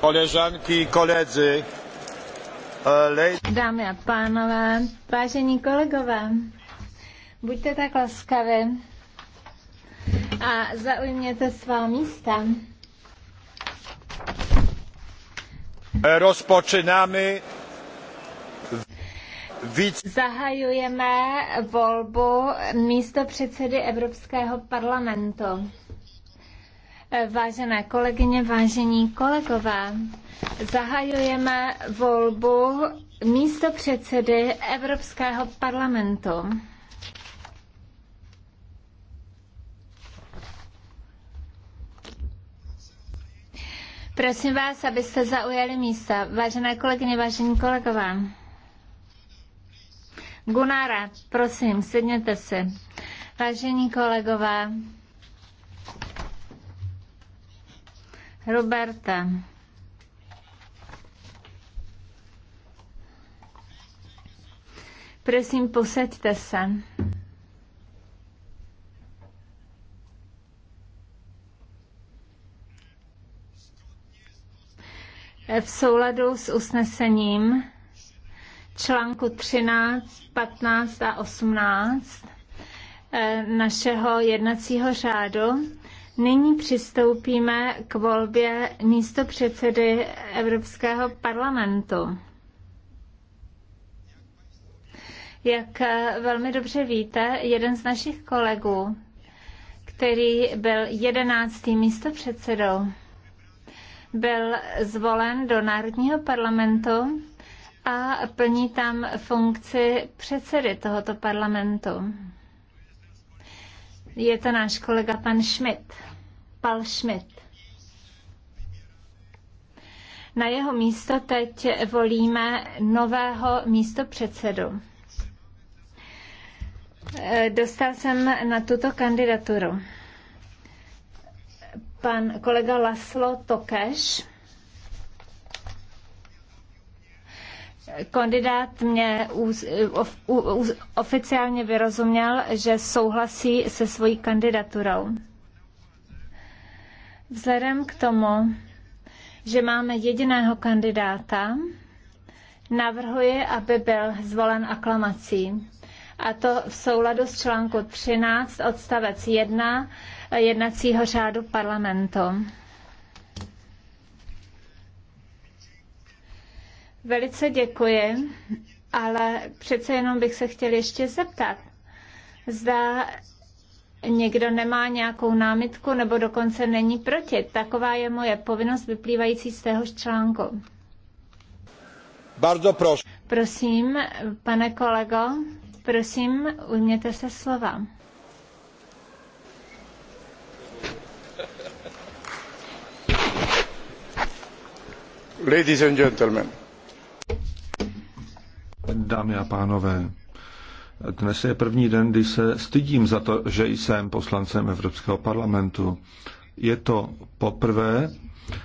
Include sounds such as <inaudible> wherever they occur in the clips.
Koleżanki i koledzy. E, Dámy a pánové, vážení kolegové, buďte tak laskavi a zaujměte svá místa. E, rozpočínáme víc... Zahajujeme volbu místo předsedy Evropského parlamentu. Vážené kolegyně, vážení kolegové, zahajujeme volbu místo předsedy Evropského parlamentu. Prosím vás, abyste zaujali místa. Vážené kolegyně, vážení kolegové. Gunára, prosím, sedněte si. Vážení kolegové, Roberta. Prosím, posaďte se. V souladu s usnesením článku 13, 15 a 18 eh, našeho jednacího řádu Nyní přistoupíme k volbě místo předsedy Evropského parlamentu. Jak velmi dobře víte, jeden z našich kolegů, který byl jedenáctým místopředsedou, byl zvolen do Národního parlamentu a plní tam funkci předsedy tohoto parlamentu. Je to náš kolega pan Schmidt. Paul Schmidt. Na jeho místo teď volíme nového místopředsedu. Dostal jsem na tuto kandidaturu pan kolega Laslo Tokeš. Kandidát mě oficiálně vyrozuměl, že souhlasí se svojí kandidaturou. Vzhledem k tomu, že máme jediného kandidáta, navrhuji, aby byl zvolen aklamací. A to v souladu s článku 13 odstavec 1 jednacího řádu parlamentu. Velice děkuji, ale přece jenom bych se chtěl ještě zeptat. Zda někdo nemá nějakou námitku nebo dokonce není proti. Taková je moje povinnost vyplývající z téhož článku. Bardzo prosím. Prosím, pane kolego, prosím, ujměte se slova. Ladies and gentlemen. Dámy a pánové, dnes je první den, kdy se stydím za to, že jsem poslancem Evropského parlamentu. Je to poprvé,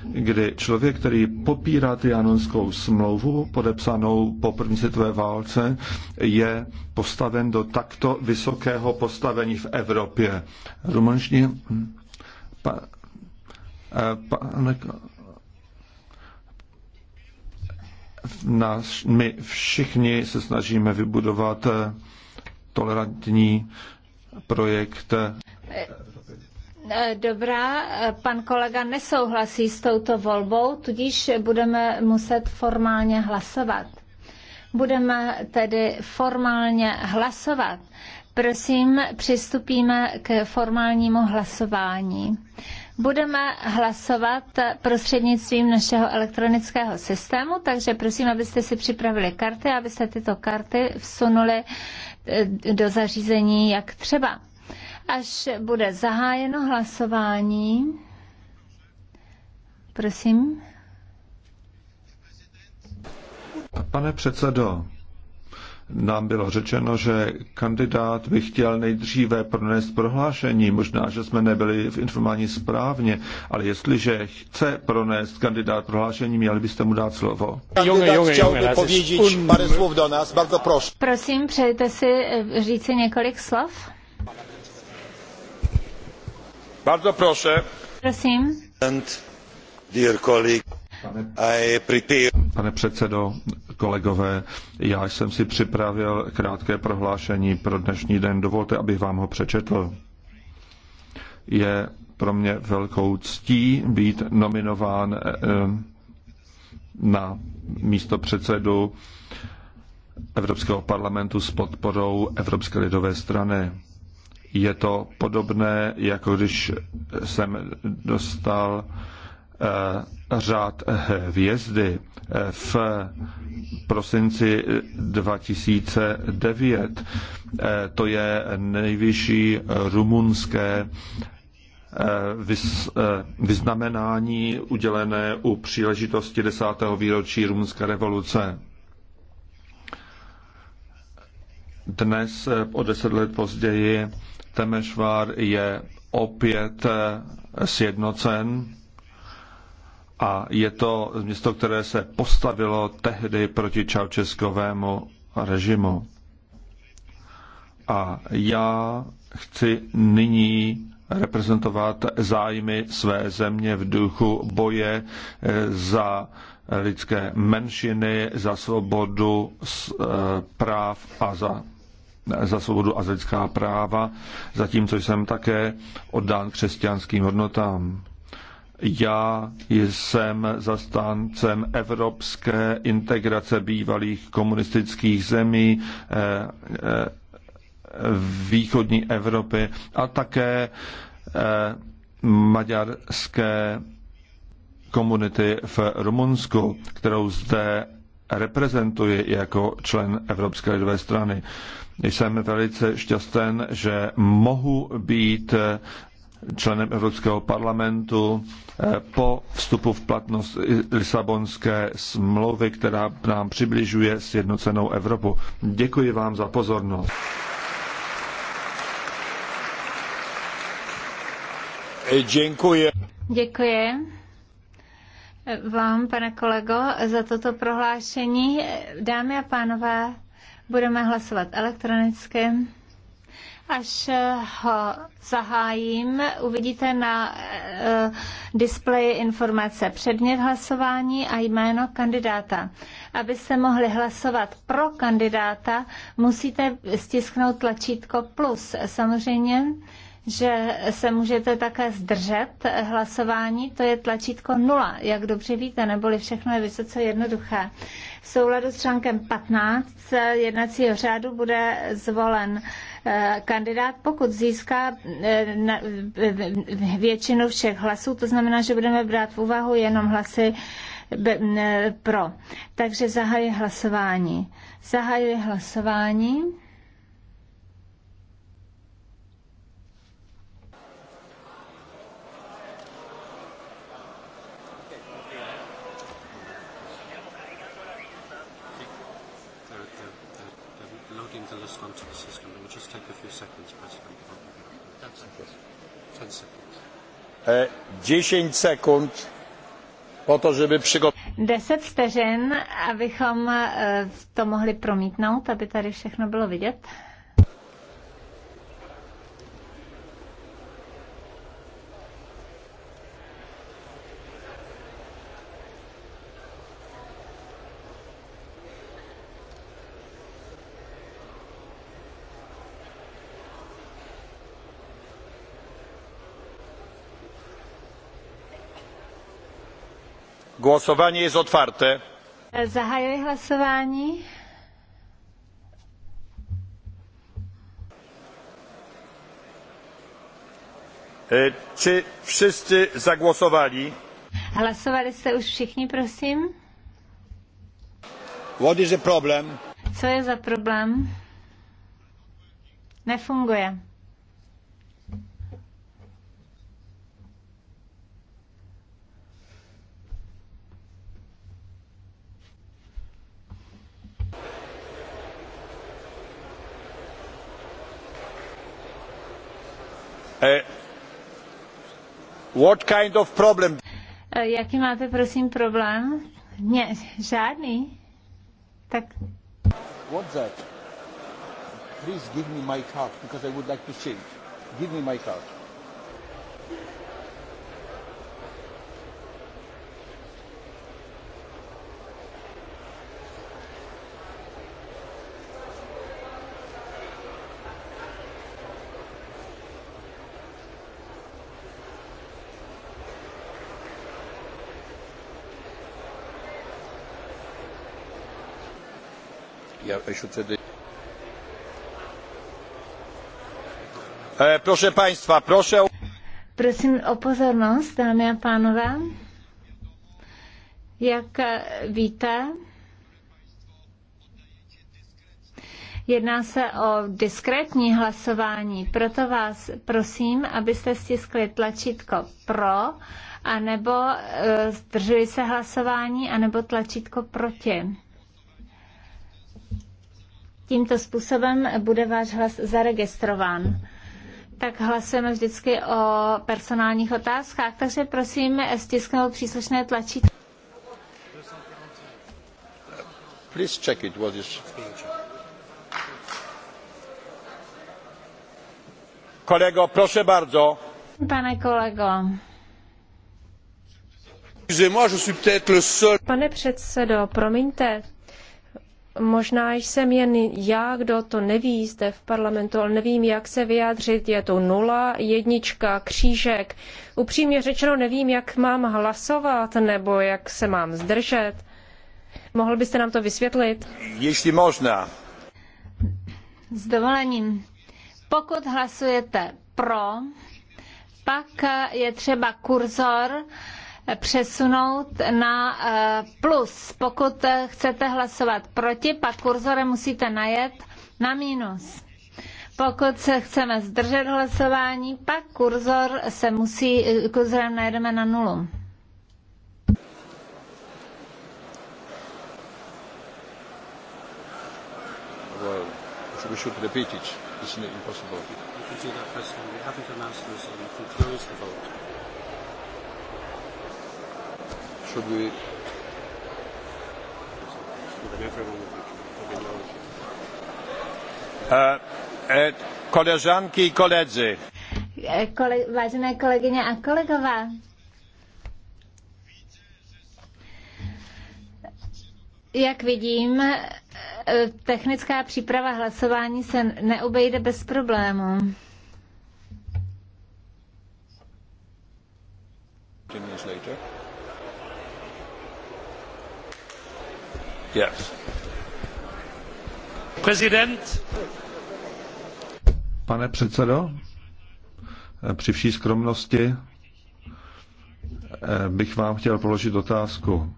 kdy člověk, který popírá Trianonskou smlouvu, podepsanou po první světové válce, je postaven do takto vysokého postavení v Evropě. Rumunští, pa, eh, pa, ne, nás, my všichni se snažíme vybudovat eh, tolerantní projekt. Dobrá, pan kolega nesouhlasí s touto volbou, tudíž budeme muset formálně hlasovat. Budeme tedy formálně hlasovat. Prosím, přistupíme k formálnímu hlasování. Budeme hlasovat prostřednictvím našeho elektronického systému, takže prosím, abyste si připravili karty, abyste tyto karty vsunuli eh, do zařízení jak třeba. Až bude zahájeno hlasování, prosím. Pane předsedo, nám bylo řečeno, že kandidát by chtěl nejdříve pronést prohlášení. Možná, že jsme nebyli v informování správně, ale jestliže chce pronést kandidát prohlášení, měli byste mu dát slovo. Kandidát chtěl slov do bardzo prosím. Prosím, přejte si eh, říci několik slov. Bardzo proszę. Prosím. Pane předsedo, kolegové, já jsem si připravil krátké prohlášení pro dnešní den. Dovolte, abych vám ho přečetl. Je pro mě velkou ctí být nominován eh, na místo předsedu Evropského parlamentu s podporou Evropské lidové strany. Je to podobné, jako když jsem dostal Eh, řád hvězdy eh, v prosinci 2009. Eh, to je nejvyšší rumunské vyznamenání udělené u příležitosti desátého výročí rumunské revoluce. Dnes, o deset let později, Temešvár je opět sjednocen a je to město, které se postavilo tehdy proti čaučeskovému režimu. A já chci nyní reprezentovat zájmy své země v duchu boje eh, za lidské menšiny, za svobodu eh, práv a za, za svobodu a lidská práva, zatímco jsem také oddán křesťanským hodnotám. Já jsem zastáncem evropské integrace bývalých komunistických zemí eh, eh, východní Evropy a také eh, maďarské komunity v Rumunsku, kterou zde reprezentuji jako člen Evropské lidové strany. Jsem velice šťastný, že mohu být členem Evropského parlamentu eh, po vstupu v platnost Lisabonské smlouvy, která nám přibližuje sjednocenou Evropu. Děkuji vám za pozornost. Děkuji. Děkuji vám, pane kolego, za toto prohlášení. Dámy a pánové, budeme hlasovat elektronicky. Až eh, ho zahájím, uvidíte na eh, displeji informace předmět hlasování a jméno kandidáta. Abyste mohli hlasovat pro kandidáta, musíte stisknout tlačítko plus. Samozřejmě že se můžete také zdržet hlasování, to je tlačítko nula, jak dobře víte, neboli všechno je vysoce jednoduché. V souladu s článkem 15 jednacího řádu bude zvolen eh, kandidát, pokud získá eh, eh, většinu všech hlasů, to znamená, že budeme brát v úvahu jenom hlasy pro. Takže zahajuji hlasování. Zahajuji hlasování. 10 e, sekund po to, żeby přigotoval. 10 vteřin, abychom e, to mohli promítnout, aby tady všechno bylo vidět. Głosowanie jest otwarte. Zahajuję głosowanie. Czy wszyscy zagłosowali? Głosowali jste už všichni, prosím? What is the problem? Co je za problém? Nefunguje. What kind of problem? Eh, jaký máte, prosím, problém? Ne, žádný. Tak. What's that? Please give me my card, because I would like to change. Give me my card. E, proszę Państwa, proszę o... Prosím o pozornost, dámy a pánové. Jak víte, jedná se o diskrétní hlasování, proto vás prosím, abyste stiskli tlačítko pro, anebo e, zdrželi se hlasování, anebo tlačítko proti. Tímto způsobem bude váš hlas zaregistrován tak hlasujeme vždycky o personálních otázkách, takže prosím stisknout příslušné tlačítko. Please check it, what is... Kolego, proszę bardzo. Pane kolego. Pane předsedo, promiňte, Možná jsem jen já, kdo to neví zde v parlamentu, ale nevím, jak se vyjádřit. Je to nula, jednička, křížek. Upřímně řečeno nevím, jak mám hlasovat nebo jak se mám zdržet. Mohl byste nám to vysvětlit? Jestli možná. S dovolením. Pokud hlasujete pro, pak je třeba kurzor přesunout na eh, plus. Pokud eh, chcete hlasovat proti, pak kurzorem musíte najet na minus. Pokud se chceme zdržet hlasování, pak kurzor se musí, eh, kurzorem najdeme na nulu. Well, we should we? Koleżanki i koledzy. E, kole, vážené kolegyně a kolegové. Jak vidím, e, technická příprava hlasování se neobejde bez problémů. Ten years later. Prezident. Pane předsedo, při vší skromnosti eh, bych vám chtěl položit otázku.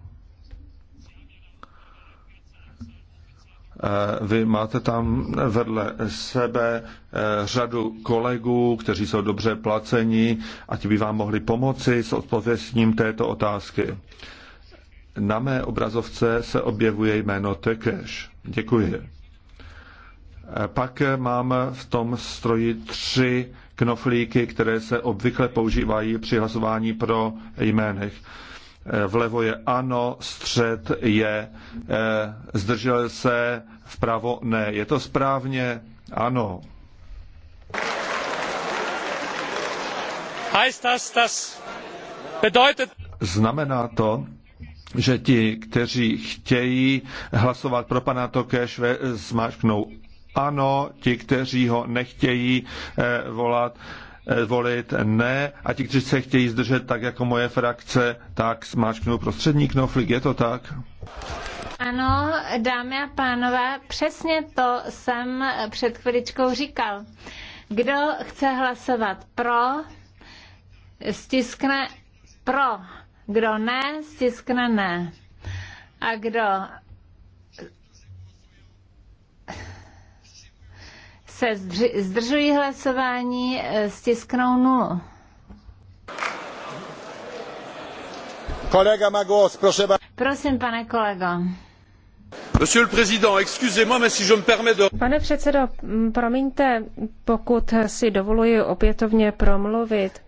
Eh, vy máte tam vedle sebe eh, řadu kolegů, kteří jsou dobře placeni a ti by vám mohli pomoci s odpověstním této otázky na mé obrazovce se objevuje jméno Tekeš. Děkuji. Pak mám v tom stroji tři knoflíky, které se obvykle používají při hlasování pro jménech. Vlevo je ano, střed je eh, zdržel se, vpravo ne. Je to správně? Ano. Heißt das, das bedeutet... Znamená to, že ti, kteří chtějí hlasovat pro pana Tokeš, zmáčknou ano, ti, kteří ho nechtějí eh, volat, eh, volit ne a ti, kteří se chtějí zdržet tak jako moje frakce, tak zmáčknou prostřední knoflík, je to tak? Ano, dámy a pánové, přesně to jsem před chviličkou říkal. Kdo chce hlasovat pro, stiskne pro kdo ne, stiskne ne. A kdo se zdržují hlasování, eh, stisknou nulu. Kolega Magos, prosím. Prosím, pane kolego. Pane předsedo, promiňte, pokud si dovoluji opětovně promluvit.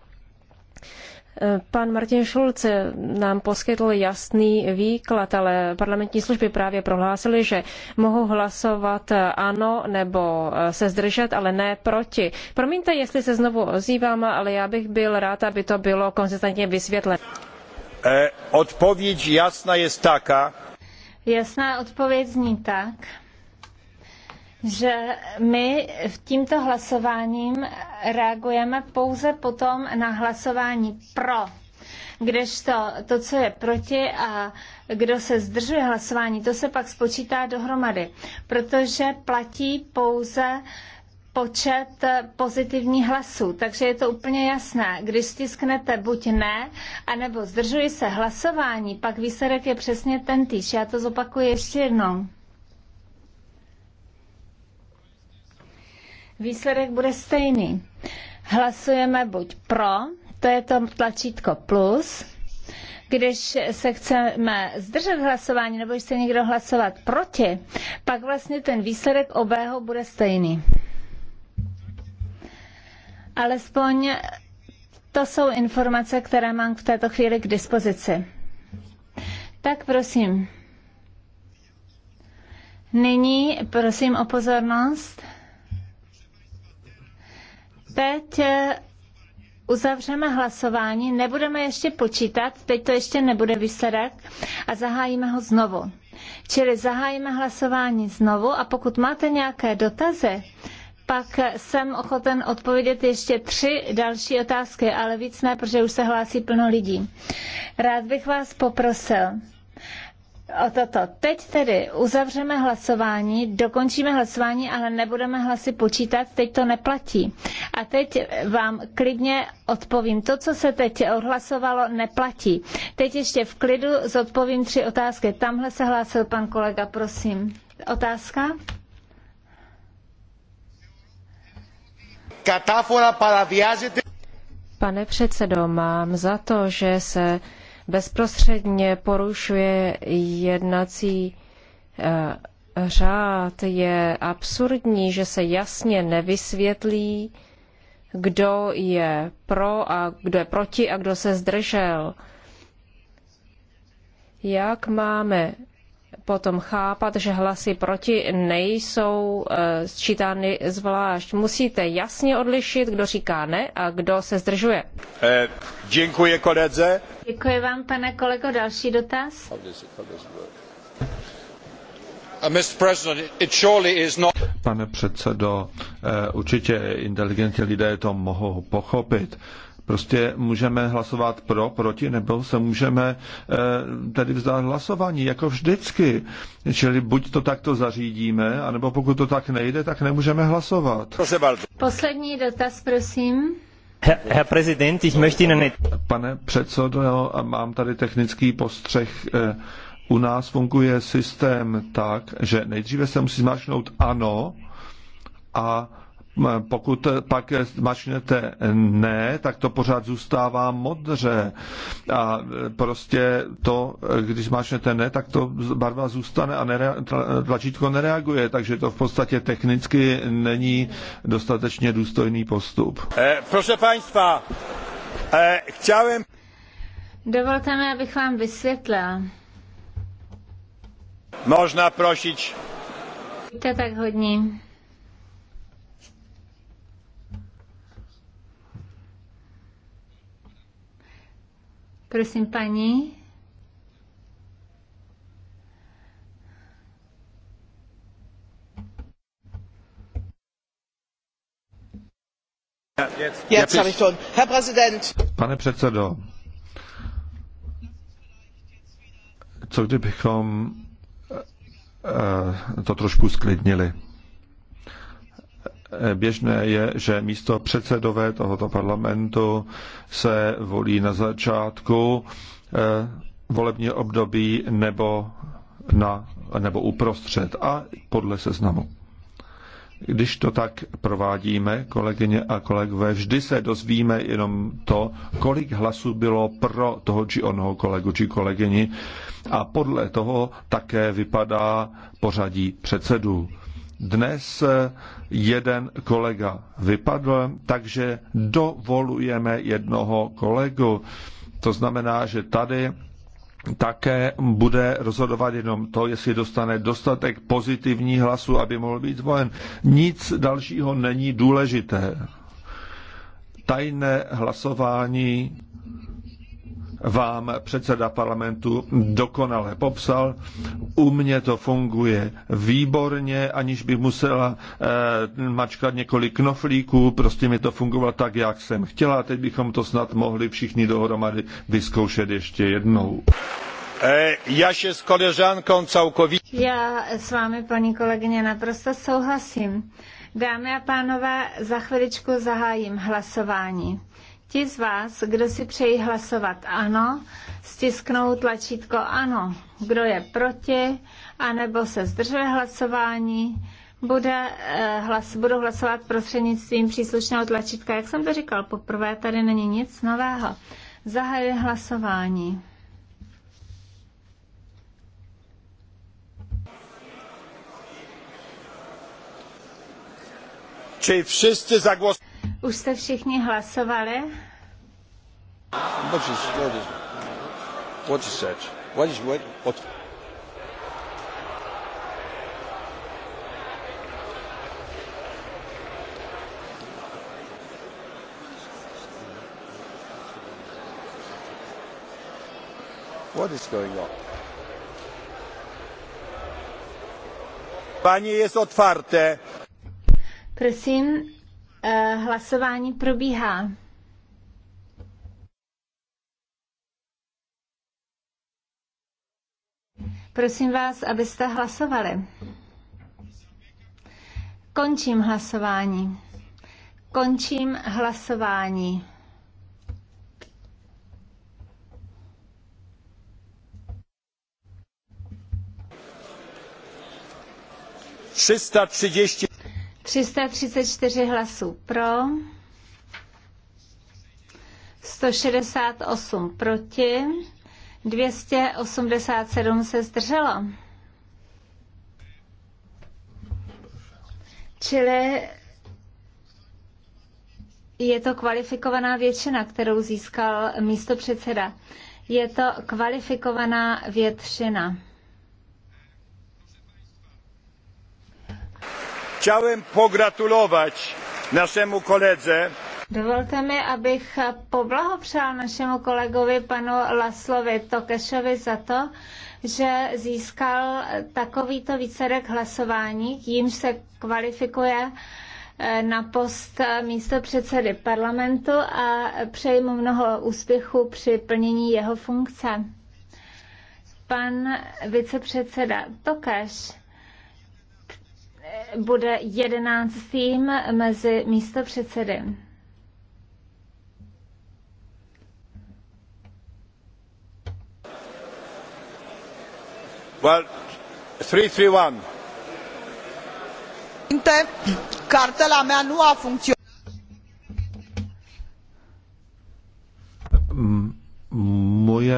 Pan Martin Schulz nám poskytl jasný výklad, ale parlamentní služby právě prohlásily, že mohou hlasovat ano nebo se zdržet, ale ne proti. Promiňte, jestli se znovu ozývám, ale já bych byl rád, aby to bylo konzistentně vysvětleno. E, odpověď jasná je taká. Jasná odpověď zní tak, že my v tímto hlasováním reagujeme pouze potom na hlasování pro kdežto to, co je proti a kdo se zdržuje hlasování, to se pak spočítá dohromady, protože platí pouze počet pozitivních hlasů. Takže je to úplně jasné. Když stisknete buď ne, anebo zdržuji se hlasování, pak výsledek je přesně ten týž. Já to zopakuji ještě jednou. výsledek bude stejný. Hlasujeme buď pro, to je to tlačítko plus, když se chceme zdržet hlasování nebo se někdo hlasovat proti, pak vlastně ten výsledek obého bude stejný. Alespoň to jsou informace, které mám v této chvíli k dispozici. Tak prosím. Nyní prosím o pozornost teď eh, uzavřeme hlasování, nebudeme ještě počítat, teď to ještě nebude výsledek a zahájíme ho znovu. Čili zahájíme hlasování znovu a pokud máte nějaké dotazy, pak jsem ochoten odpovědět ještě tři další otázky, ale víc ne, protože už se hlásí plno lidí. Rád bych vás poprosil, o toto. Teď tedy uzavřeme hlasování, dokončíme hlasování, ale nebudeme hlasy počítat, teď to neplatí. A teď vám klidně odpovím. To, co se teď odhlasovalo, neplatí. Teď ještě v klidu zodpovím tři otázky. Tamhle se hlásil pan kolega, prosím. Otázka? Pane předsedo, mám za to, že se bezprostředně porušuje jednací eh, řád. Je absurdní, že se jasně nevysvětlí, kdo je pro a kdo je proti a kdo se zdržel. Jak máme potom chápat, že hlasy proti nejsou eh, sčítány zvlášť. Musíte jasně odlišit, kdo říká ne a kdo se zdržuje. Eh, děkuji koledze. Děkuji vám, pane kolego. Další dotaz? Uh, pane předsedo, eh, určitě inteligentní lidé to mohou pochopit Prostě můžeme hlasovat pro, proti, nebo se můžeme eh, tedy vzdát hlasování, jako vždycky. Čili buď to takto zařídíme, anebo pokud to tak nejde, tak nemůžeme hlasovat. Poslední dotaz, prosím. Herr prezident, ich möchte Ihnen... Pane předsedo, mám tady technický postřeh. Eh, u nás funguje systém tak, že nejdříve se musí zmáčknout ano a pokud pak mačnete ne, tak to pořád zůstává modře. A prostě to, když zmáčnete ne, tak to barva zůstane a nerea- tlačítko nereaguje, takže to v podstatě technicky není dostatečně důstojný postup. Eh, proszę państwa, eh, chciałem... Dovolte mi, abych vám vysvětlil. Možná prosit. To tak hodně. Prosím, paní. Pane předsedo, co kdybychom eh, to trošku sklidnili? Eh, běžné je, že místo předsedové tohoto parlamentu se volí na začátku eh, volebního období nebo, na, nebo uprostřed a podle seznamu. Když to tak provádíme, kolegyně a kolegové, vždy se dozvíme jenom to, kolik hlasů bylo pro toho či onoho kolegu či kolegyni a podle toho také vypadá pořadí předsedů. Dnes eh, jeden kolega vypadl, takže dovolujeme jednoho kolegu. To znamená, že tady také bude rozhodovat jenom to, jestli dostane dostatek pozitivních hlasů, aby mohl být zvolen. Nic dalšího není důležité. Tajné hlasování vám předseda parlamentu dokonale popsal. U mě to funguje výborně, aniž by musela eh, mačkat několik knoflíků, prostě mi to fungovalo tak, jak jsem chtěla. Teď bychom to snad mohli všichni dohromady vyzkoušet ještě jednou. Eh, já se s koleżanką celkově. Já s vámi, paní kolegyně, naprosto souhlasím. Dámy a pánové, za chviličku zahájím hlasování. Ti z vás, kdo si přejí hlasovat ano, stisknou tlačítko ano. Kdo je proti, anebo se zdržuje hlasování, bude, eh, hlas, budu hlasovat prostřednictvím příslušného tlačítka. Jak jsem to říkal poprvé, tady není nic nového. Zahajuje hlasování. Či všichni zagłosovali? Už jste všichni hlasovali? What is, what is, what is that? What is, what, what? What is going on? Panie jest otwarte. Prosím, Eh, hlasování probíhá. Prosím vás, abyste hlasovali. Končím hlasování. Končím hlasování. Trzysta trzydzieści. 334 hlasů pro, 168 proti, 287 se zdrželo. Čili je to kvalifikovaná většina, kterou získal místo předseda. Je to kvalifikovaná většina. Chciałem pogratulować naszemu koledze. Dovolte mi, abych poblahopřál našemu kolegovi panu Laslovi Tokešovi za to, že získal takovýto výsledek hlasování, jímž se kvalifikuje eh, na post místo předsedy parlamentu a přeji mu mnoho úspěchu při plnění jeho funkce. Pan vicepředseda Tokeš bude jedenáctým mezi místopředsedy. Well, three, three, one. Cartela mea nu a funcționat. Moje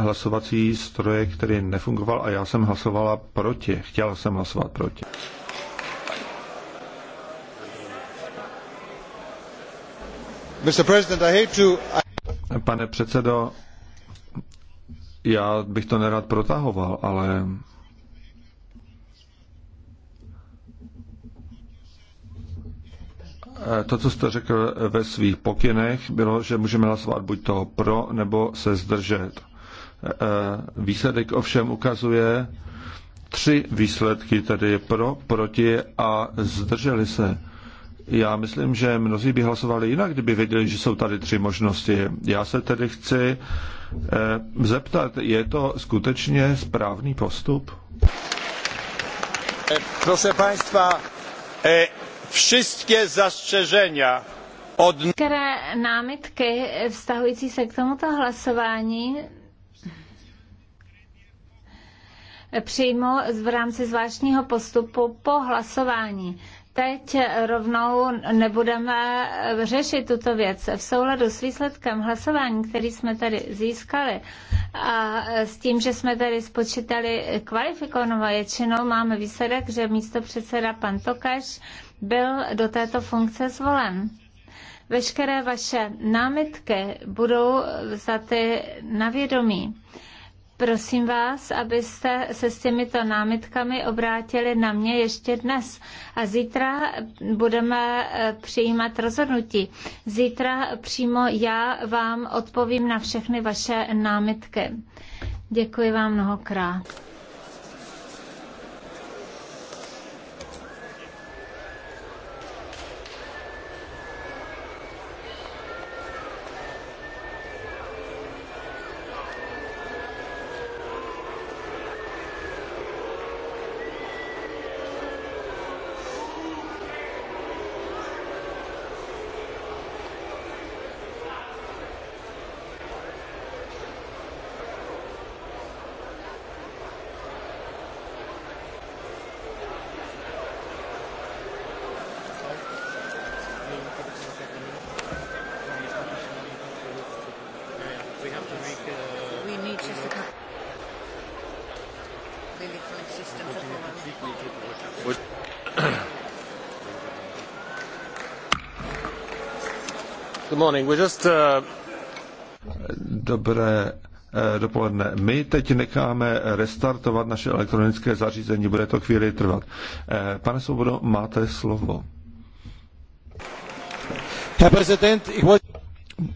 hlasovací stroje, který nefungoval a já jsem hlasovala proti. Chtěla jsem hlasovat proti. Pane předsedo, já bych to nerad protahoval, ale to, co jste řekl ve svých pokynech, bylo, že můžeme hlasovat buď toho pro, nebo se zdržet. Výsledek ovšem ukazuje tři výsledky, tedy pro, proti a zdrželi se. Já myslím, že mnozí by hlasovali jinak, kdyby věděli, že jsou tady tři možnosti. Já se tedy chci eh, zeptat, je to skutečně správný postup? E, proszę Państwa, e, wszystkie zastrzeżenia od... Které námitky vztahující se k tomuto hlasování přijmu v rámci zvláštního postupu po hlasování teď rovnou nebudeme řešit tuto věc. V souladu s výsledkem hlasování, který jsme tady získali a s tím, že jsme tady spočítali kvalifikovanou většinou, máme výsledek, že místo předseda pan Tokaš byl do této funkce zvolen. Veškeré vaše námitky budou za ty navědomí. Prosím vás, abyste se s těmito námitkami obrátili na mě ještě dnes. A zítra budeme eh, přijímat rozhodnutí. Zítra přímo já vám odpovím na všechny vaše námitky. Děkuji vám mnohokrát. Uh, Dobré eh, dopoledne. My teď necháme restartovat naše elektronické zařízení, bude to chvíli trvat. Eh, pane Svobodo, máte slovo.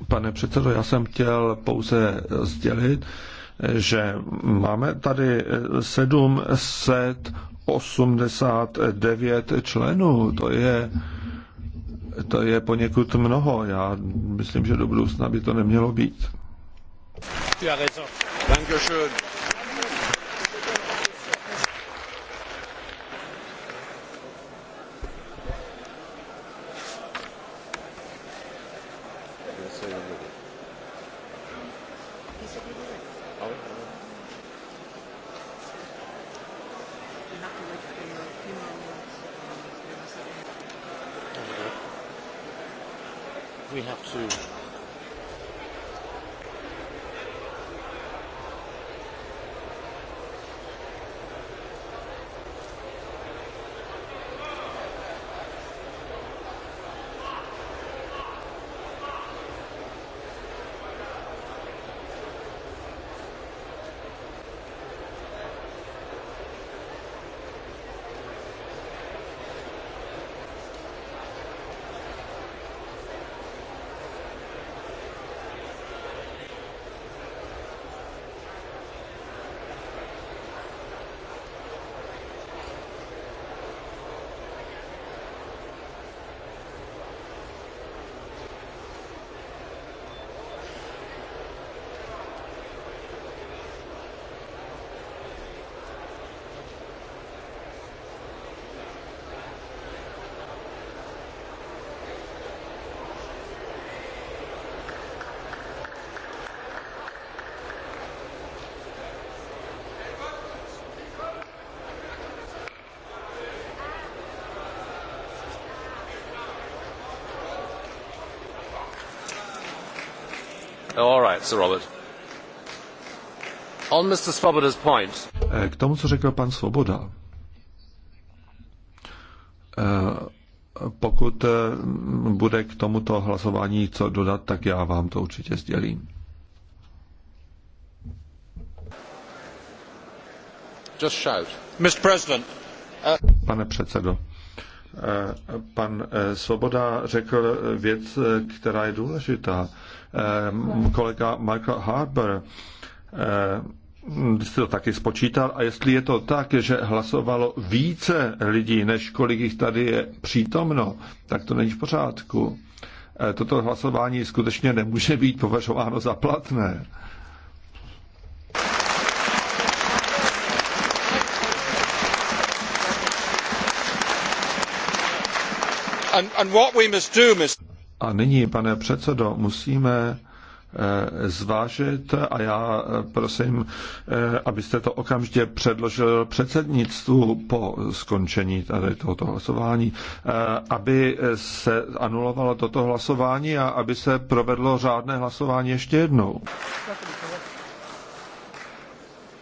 Pane předsedo, já jsem chtěl pouze sdělit, že máme tady 789 eh, členů, to je to je poněkud mnoho. Já myslím, že do budoucna by to nemělo být. Děkuji. Oh, eh, k tomu, co řekl pan Svoboda, eh, pokud eh, bude k tomuto hlasování co dodat, tak já vám to určitě sdělím. Just shout. Pane předsedo, pan eh, Svoboda řekl věc, eh, která je důležitá. Eh, kolega Michael Harber jste to taky spočítal a jestli je to tak, že hlasovalo více lidí, než kolik jich tady je přítomno, tak to není v pořádku. Toto hlasování skutečně nemůže být považováno za platné. A nyní, pane předsedo, musíme eh, zvážit a já eh, prosím, eh, abyste to okamžitě předložil předsednictvu po skončení tady tohoto hlasování, aby se anulovalo toto hlasování a aby se provedlo řádné hlasování ještě jednou.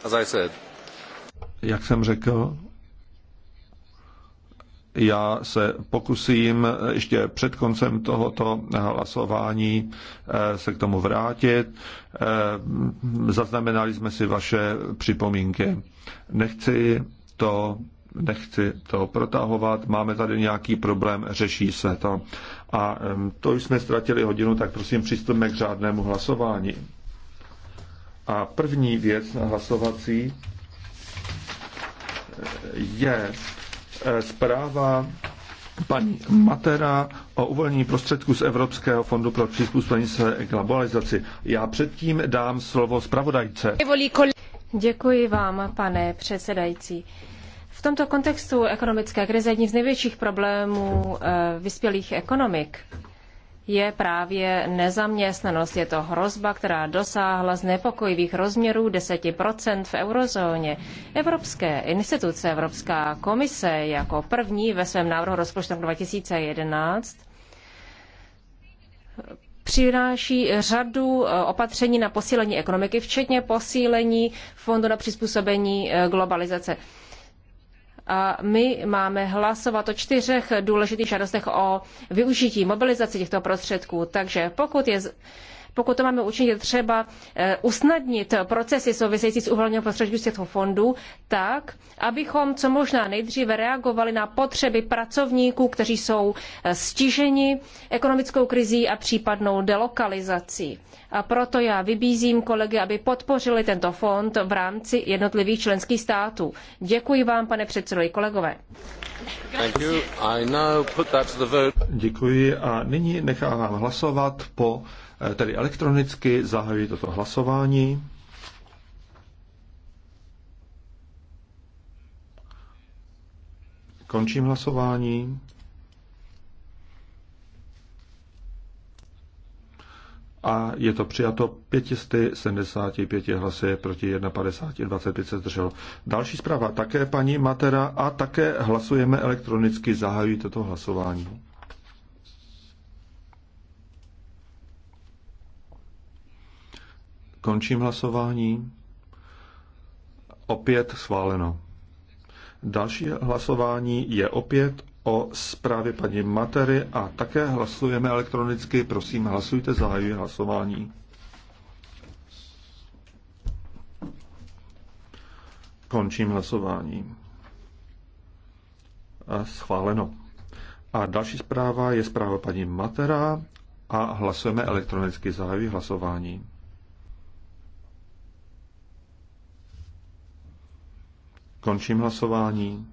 As I said. Jak jsem řekl, já se pokusím ještě před koncem tohoto hlasování eh, se k tomu vrátit. Eh, zaznamenali jsme si vaše připomínky. Nechci to nechci to protahovat, máme tady nějaký problém, řeší se to. A to už jsme ztratili hodinu, tak prosím přistupme k řádnému hlasování. A první věc na hlasovací eh, je Eh, zpráva paní Matera o uvolnění prostředků z Evropského fondu pro přizpůsobení se globalizaci. Já předtím dám slovo zpravodajce. Děkuji vám, pane předsedající. V tomto kontextu ekonomické krize je jedním z největších problémů eh, vyspělých ekonomik je právě nezaměstnanost. Je to hrozba, která dosáhla z nepokojivých rozměrů 10% v eurozóně. Evropské instituce, Evropská komise jako první ve svém návrhu rozpočtu 2011 přináší řadu eh, opatření na posílení ekonomiky, včetně posílení fondu na přizpůsobení eh, globalizace my máme hlasovat o čtyřech důležitých žádostech o využití, mobilizaci těchto prostředků. Takže pokud je pokud to máme učinit třeba eh, usnadnit procesy související s uvolněním prostředků z těchto fondů, tak, abychom co možná nejdříve reagovali na potřeby pracovníků, kteří jsou eh, stiženi ekonomickou krizí a případnou delokalizací. A proto já vybízím kolegy, aby podpořili tento fond v rámci jednotlivých členských států. Děkuji vám, pane předsedo i kolegové. Děkuji a nyní nechávám hlasovat po Eh, tedy elektronicky zahajuji toto hlasování. Končím hlasování. A je to přijato 575 hlasy proti 51, 25 se zdrželo. Další zpráva také paní Matera a také hlasujeme elektronicky. zahajují toto hlasování. Končím hlasování. Opět schváleno. Další hlasování je opět o zprávě paní Matery a také hlasujeme elektronicky. Prosím, hlasujte, zahajuji hlasování. Končím hlasování. A schváleno. A další zpráva je zpráva paní Matera a hlasujeme elektronicky. Zahajuji hlasování. Končím hlasování.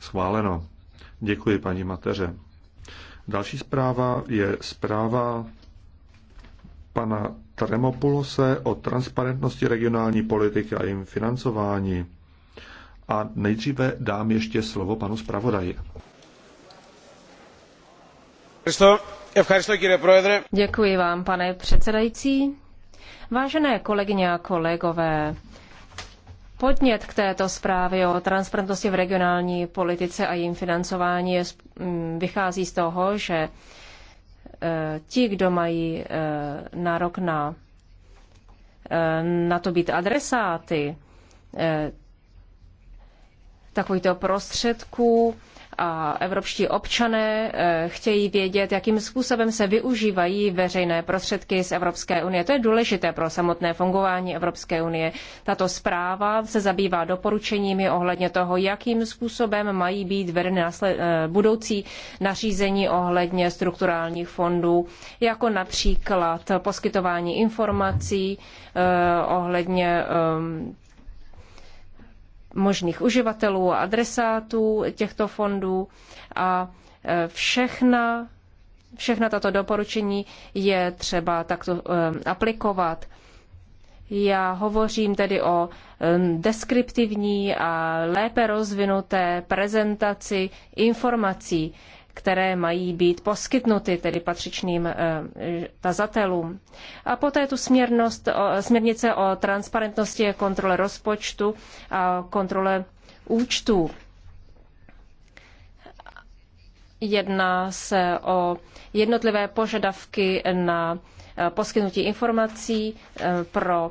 Schváleno. Děkuji paní mateře. Další zpráva je zpráva pana Tremopulose o transparentnosti regionální politiky a jejím financování. A nejdříve dám ještě slovo panu zpravodaji. Děkuji vám, pane předsedající. Vážené kolegyně a kolegové, podnět k této zprávě o transparentnosti v regionální politice a jejím financování je, mm, vychází z toho, že e, ti, kdo mají e, nárok na, e, na to být adresáty takovýchto prostředků, a evropští občané eh, chtějí vědět, jakým způsobem se využívají veřejné prostředky z Evropské unie. To je důležité pro samotné fungování Evropské unie. Tato zpráva se zabývá doporučeními ohledně toho, jakým způsobem mají být vedeny eh, budoucí nařízení ohledně strukturálních fondů, jako například poskytování informací eh, ohledně ehm, možných uživatelů a adresátů těchto fondů a e, všechna, všechna tato doporučení je třeba takto e, aplikovat. Já hovořím tedy o e, deskriptivní a lépe rozvinuté prezentaci informací které mají být poskytnuty tedy patřičným eh, tazatelům. A poté tu směrnost, směrnice o transparentnosti, kontrole rozpočtu a kontrole účtů. Jedná se o jednotlivé požadavky na eh, poskytnutí informací eh, pro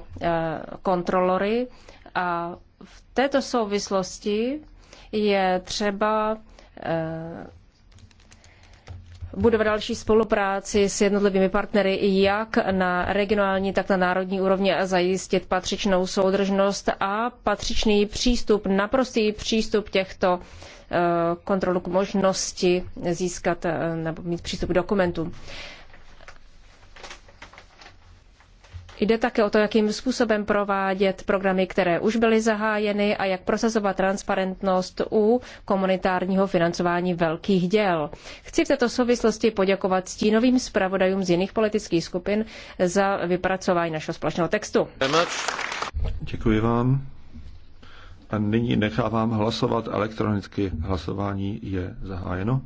kontrolory a v této souvislosti je třeba bude v další spolupráci s jednotlivými partnery jak na regionální, tak na národní úrovni a zajistit patřičnou soudržnost a patřičný přístup, naprostý přístup těchto eh, kontrolu k možnosti získat eh, nebo mít přístup k dokumentům. Jde také o to, jakým způsobem provádět programy, které už byly zahájeny a jak prosazovat transparentnost u komunitárního financování velkých děl. Chci v této souvislosti poděkovat stínovým zpravodajům z jiných politických skupin za vypracování našeho společného textu. Děkuji vám. A nyní nechávám hlasovat elektronicky. Hlasování je zahájeno.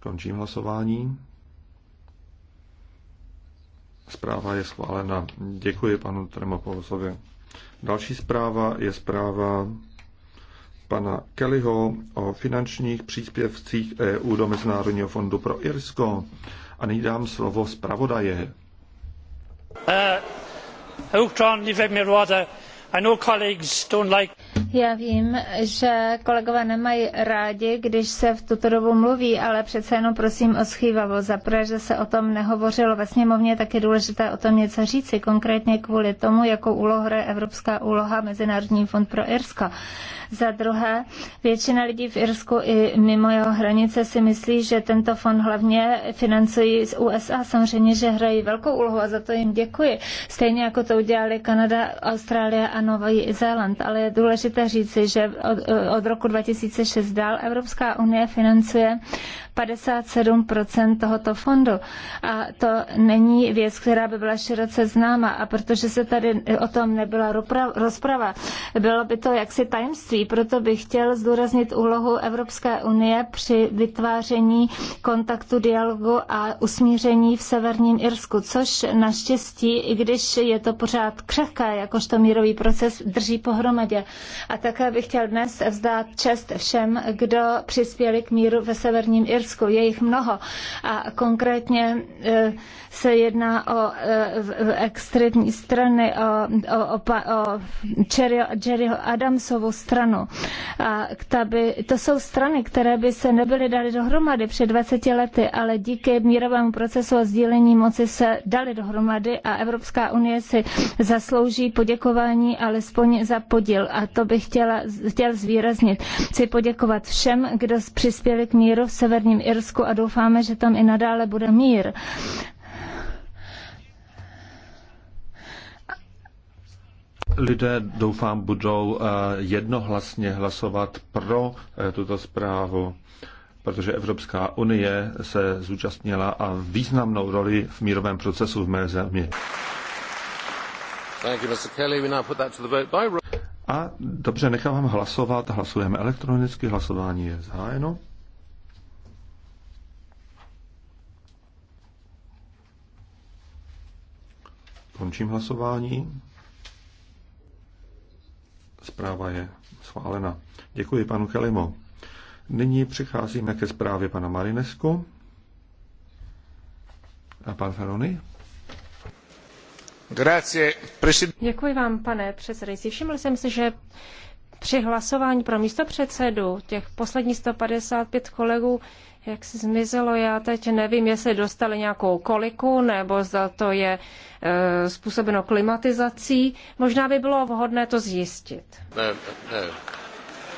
Končím hlasování. Zpráva je schválena. Děkuji panu Tremopoulosovi. Další zpráva je zpráva pana Kellyho o finančních příspěvcích EU do Mezinárodního fondu pro Irsko. A nyní dám slovo zpravodaje. Uh, I know colleagues don't like... Já vím, že kolegové nemají rádi, když se v tuto dobu mluví, ale přece jenom prosím o schývavost. Za prvé, že se o tom nehovořilo ve sněmovně, tak je důležité o tom něco říci, konkrétně kvůli tomu, jakou úlohu hraje Evropská úloha Mezinárodní fond pro Irsko. Za druhé, většina lidí v Irsku i mimo jeho hranice si myslí, že tento fond hlavně financují z USA. Samozřejmě, že hrají velkou úlohu a za to jim děkuji. Stejně jako to udělali Kanada, Austrálie a Nový Zéland, ale je důležité důležité říci, že od, od roku 2006 dál Evropská unie financuje 57 tohoto fondu. A to není věc, která by byla široce známa. A protože se tady o tom nebyla rozprava, bylo by to jaksi tajemství. Proto bych chtěl zdůraznit úlohu Evropské unie při vytváření kontaktu, dialogu a usmíření v Severním Irsku, což naštěstí, i když je to pořád křehké, jakožto mírový proces drží pohromadě. A také bych chtěl dnes vzdát čest všem, kdo přispěli k míru ve Severním Irsku Irsku, je jich mnoho. A konkrétně e, se jedná o e, extrémní strany, o, o, o, o Jerry, Adamsovu stranu. A by, to jsou strany, které by se nebyly daly dohromady před 20 lety, ale díky mírovému procesu a sdílení moci se daly dohromady a Evropská unie si zaslouží poděkování alespoň za podíl. A to bych chtěla, chtěl zvýraznit. Chci poděkovat všem, kdo přispěli k míru v severní sousedním Irsku a doufáme, že tam i nadále bude mír. Lidé, doufám, budou eh, jednohlasně hlasovat pro eh, tuto zprávu, protože Evropská unie se zúčastnila a významnou roli v mírovém procesu v mé zemi. A dobře, nechám vám hlasovat. Hlasujeme elektronicky, hlasování je zahájeno. Končím hlasování. Zpráva je schválena. Děkuji panu Kelimo. Nyní přicházíme ke zprávě pana Marinesku. A pan Feroni? Děkuji vám, pane předsedající. Všiml jsem si, že při hlasování pro místo předsedu těch posledních 155 kolegů, jak si zmizelo, já teď nevím, jestli dostali nějakou koliku, nebo zda to je e, způsobeno klimatizací. Možná by bylo vhodné to zjistit. No, no.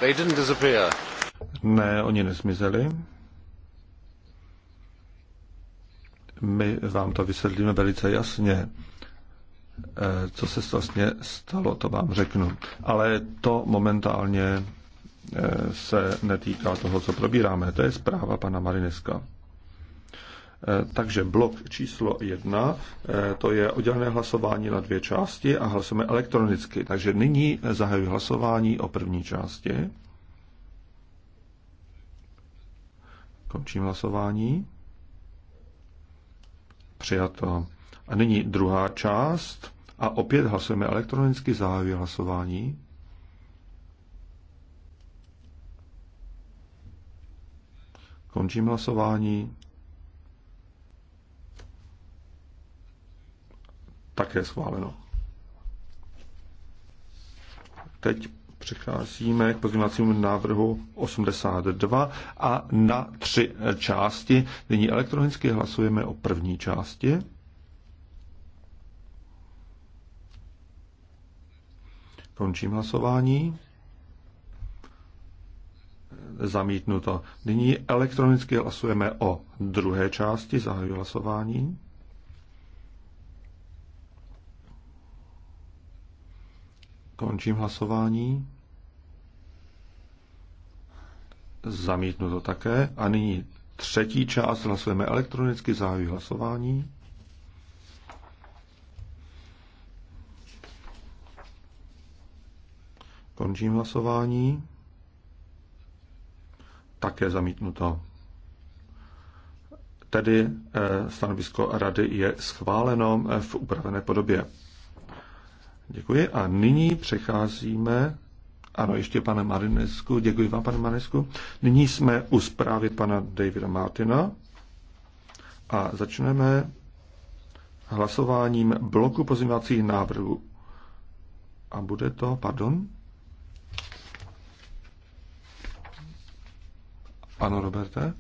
They didn't disappear. Ne, oni nesmizeli. My vám to vysvětlíme velice jasně. Eh, co se vlastně stalo, to vám řeknu. Ale to momentálně eh, se netýká toho, co probíráme. To je zpráva pana Marineska. Eh, takže blok číslo jedna, to je oddělené hlasování na dvě části a hlasujeme elektronicky. Takže nyní zahajuji hlasování o první části. Končím hlasování. Přijato. A nyní druhá část a opět hlasujeme elektronicky zahajuji hlasování. Končím hlasování. Také schváleno. Teď přecházíme k pozměňovacímu návrhu 82 a na tři části. Nyní elektronicky hlasujeme o první části. Končím hlasování. Zamítnuto. Nyní elektronicky hlasujeme o druhé části. Zahajuji hlasování. Končím hlasování. Zamítnuto také. A nyní třetí část hlasujeme elektronicky. Zahajuji hlasování. Končím hlasování. Také zamítnuto. Tedy eh, stanovisko rady je schváleno eh, v upravené podobě. Děkuji. A nyní přecházíme ano, ještě pane Marinesku, děkuji vám, pane Marinesku. Nyní jsme u zprávy pana Davida Martina a začneme hlasováním bloku pozměňovacích návrhů. A bude to, pardon? Ano, Roberte?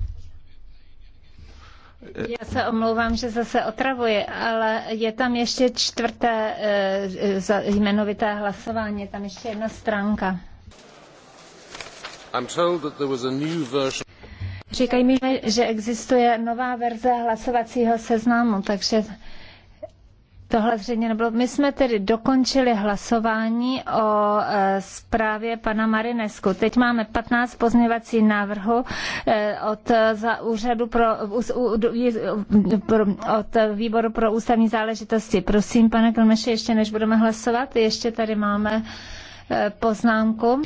Já se omlouvám, že zase otravuji, ale je tam ještě čtvrté eh, eh, jmenovité hlasování, je tam ještě jedna stránka. Říkají mi, že existuje nová verze hlasovacího seznamu, takže tohle zřejmě nebylo. My jsme tedy dokončili hlasování o e, zprávě pana Marinesku. Teď máme 15 pozměvací návrhů e, od e, za úřadu pro, od výboru pro ústavní záležitosti. Prosím, pane Kromeši, ještě než budeme hlasovat, ještě tady máme poznámku.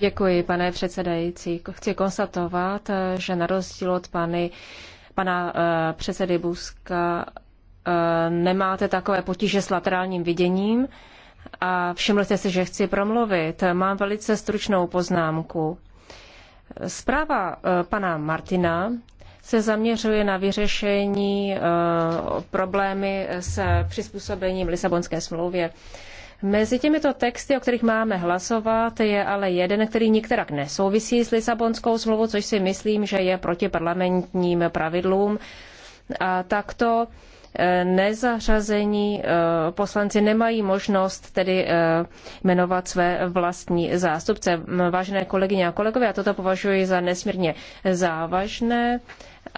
Děkuji, pane předsedající. Chci konstatovat, že na rozdíl od pany, pana předsedy Buska Eh, nemáte takové potíže s laterálním viděním a všimli jste si, že chci promluvit. Mám velice stručnou poznámku. Zpráva eh, pana Martina se zaměřuje na vyřešení eh, problémy s přizpůsobením Lisabonské smlouvě. Mezi těmito texty, o kterých máme hlasovat, je ale jeden, který nikterak nesouvisí s Lisabonskou smlouvou, což si myslím, že je proti parlamentním pravidlům. A takto Eh, nezařazení eh, poslanci nemají možnost tedy eh, jmenovat své vlastní zástupce. Vážené kolegyně a kolegové, já toto považuji za nesmírně závažné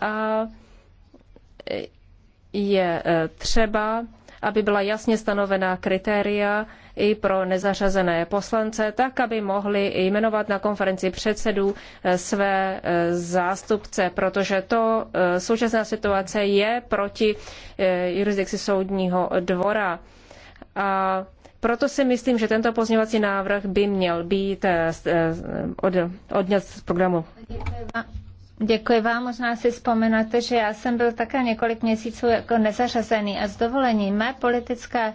a je třeba aby byla jasně stanovená kritéria i pro nezařazené poslance, tak aby mohli jmenovat na konferenci předsedů eh, své eh, zástupce, protože to eh, současná situace je proti jurisdikci soudního dvora. A proto si myslím, že tento pozměňovací návrh by měl být odňat z programu. Děkuji vám. Možná si vzpomenete, že já jsem byl také několik měsíců jako nezařazený a s dovolením. Mé politické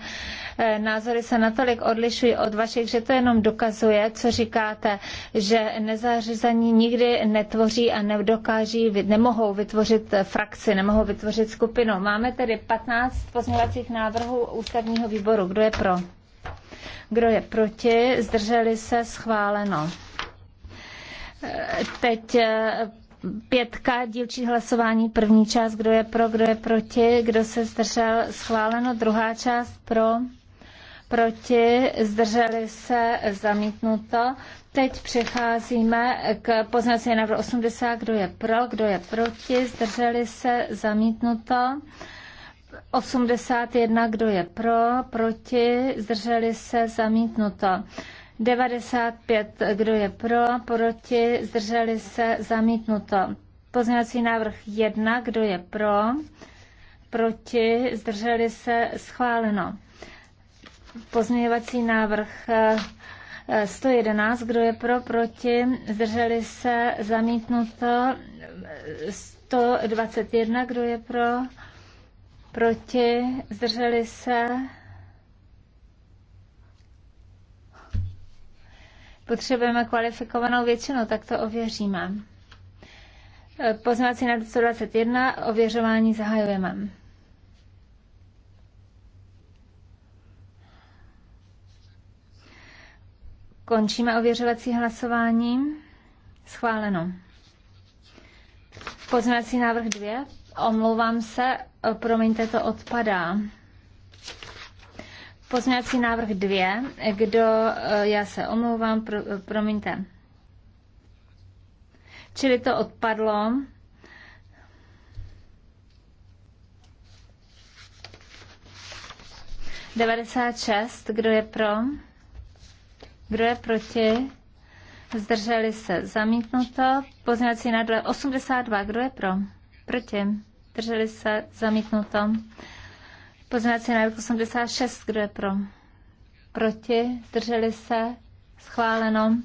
eh, názory se natolik odlišují od vašich, že to jenom dokazuje, co říkáte, že nezařazení nikdy netvoří a nedokáží, nemohou vytvořit eh, frakci, nemohou vytvořit skupinu. Máme tedy 15 pozměňovacích návrhů ústavního výboru. Kdo je pro? Kdo je proti? Zdrželi se schváleno. Eh, teď Pětka, dílčí hlasování, první část, kdo je pro, kdo je proti, kdo se zdržel, schváleno, druhá část pro, proti, zdrželi se, zamítnuto. Teď přecházíme k poznací návrhu 80, kdo je pro, kdo je proti, zdrželi se, zamítnuto. 81, kdo je pro, proti, zdrželi se, zamítnuto. 95, kdo je pro, proti, zdrželi se, zamítnuto. Pozměňovací návrh 1, kdo je pro, proti, zdrželi se, schváleno. Pozměňovací návrh 111, eh, kdo je pro, proti, zdrželi se, zamítnuto. 121, kdo je pro, proti, zdrželi se, potřebujeme kvalifikovanou většinu, tak to ověříme. Poznávací na 121, ověřování zahajujeme. Končíme ověřovací hlasování. Schváleno. Poznávací návrh 2. Omlouvám se, e, promiňte, to odpadá. Pozměňovací návrh 2. Kdo, eh, já se omlouvám, pro, eh, promiňte. Čili to odpadlo. Devadesát šest. Kdo je pro? Kdo je proti? Zdrželi se. Zamítnuto. Pozměňovací návrh 82. Kdo je pro? Proti. Zdrželi se. Zamítnuto. Pozměňovací návrh 86, kdo je pro? Proti? Drželi se? Schváleno.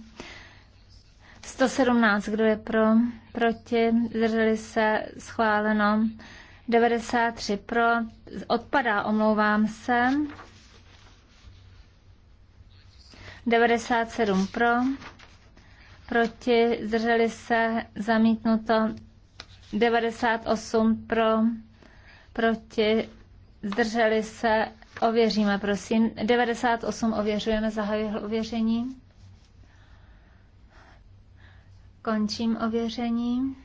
117, kdo je pro? Proti? Drželi se? Schváleno. 93 pro. Odpadá, omlouvám se. 97 pro. Proti? Zdrželi se? Zamítnuto. 98 pro. Proti? zdrželi se, ověříme, prosím. 98 ověřujeme, zahajuji ověření. Končím ověření.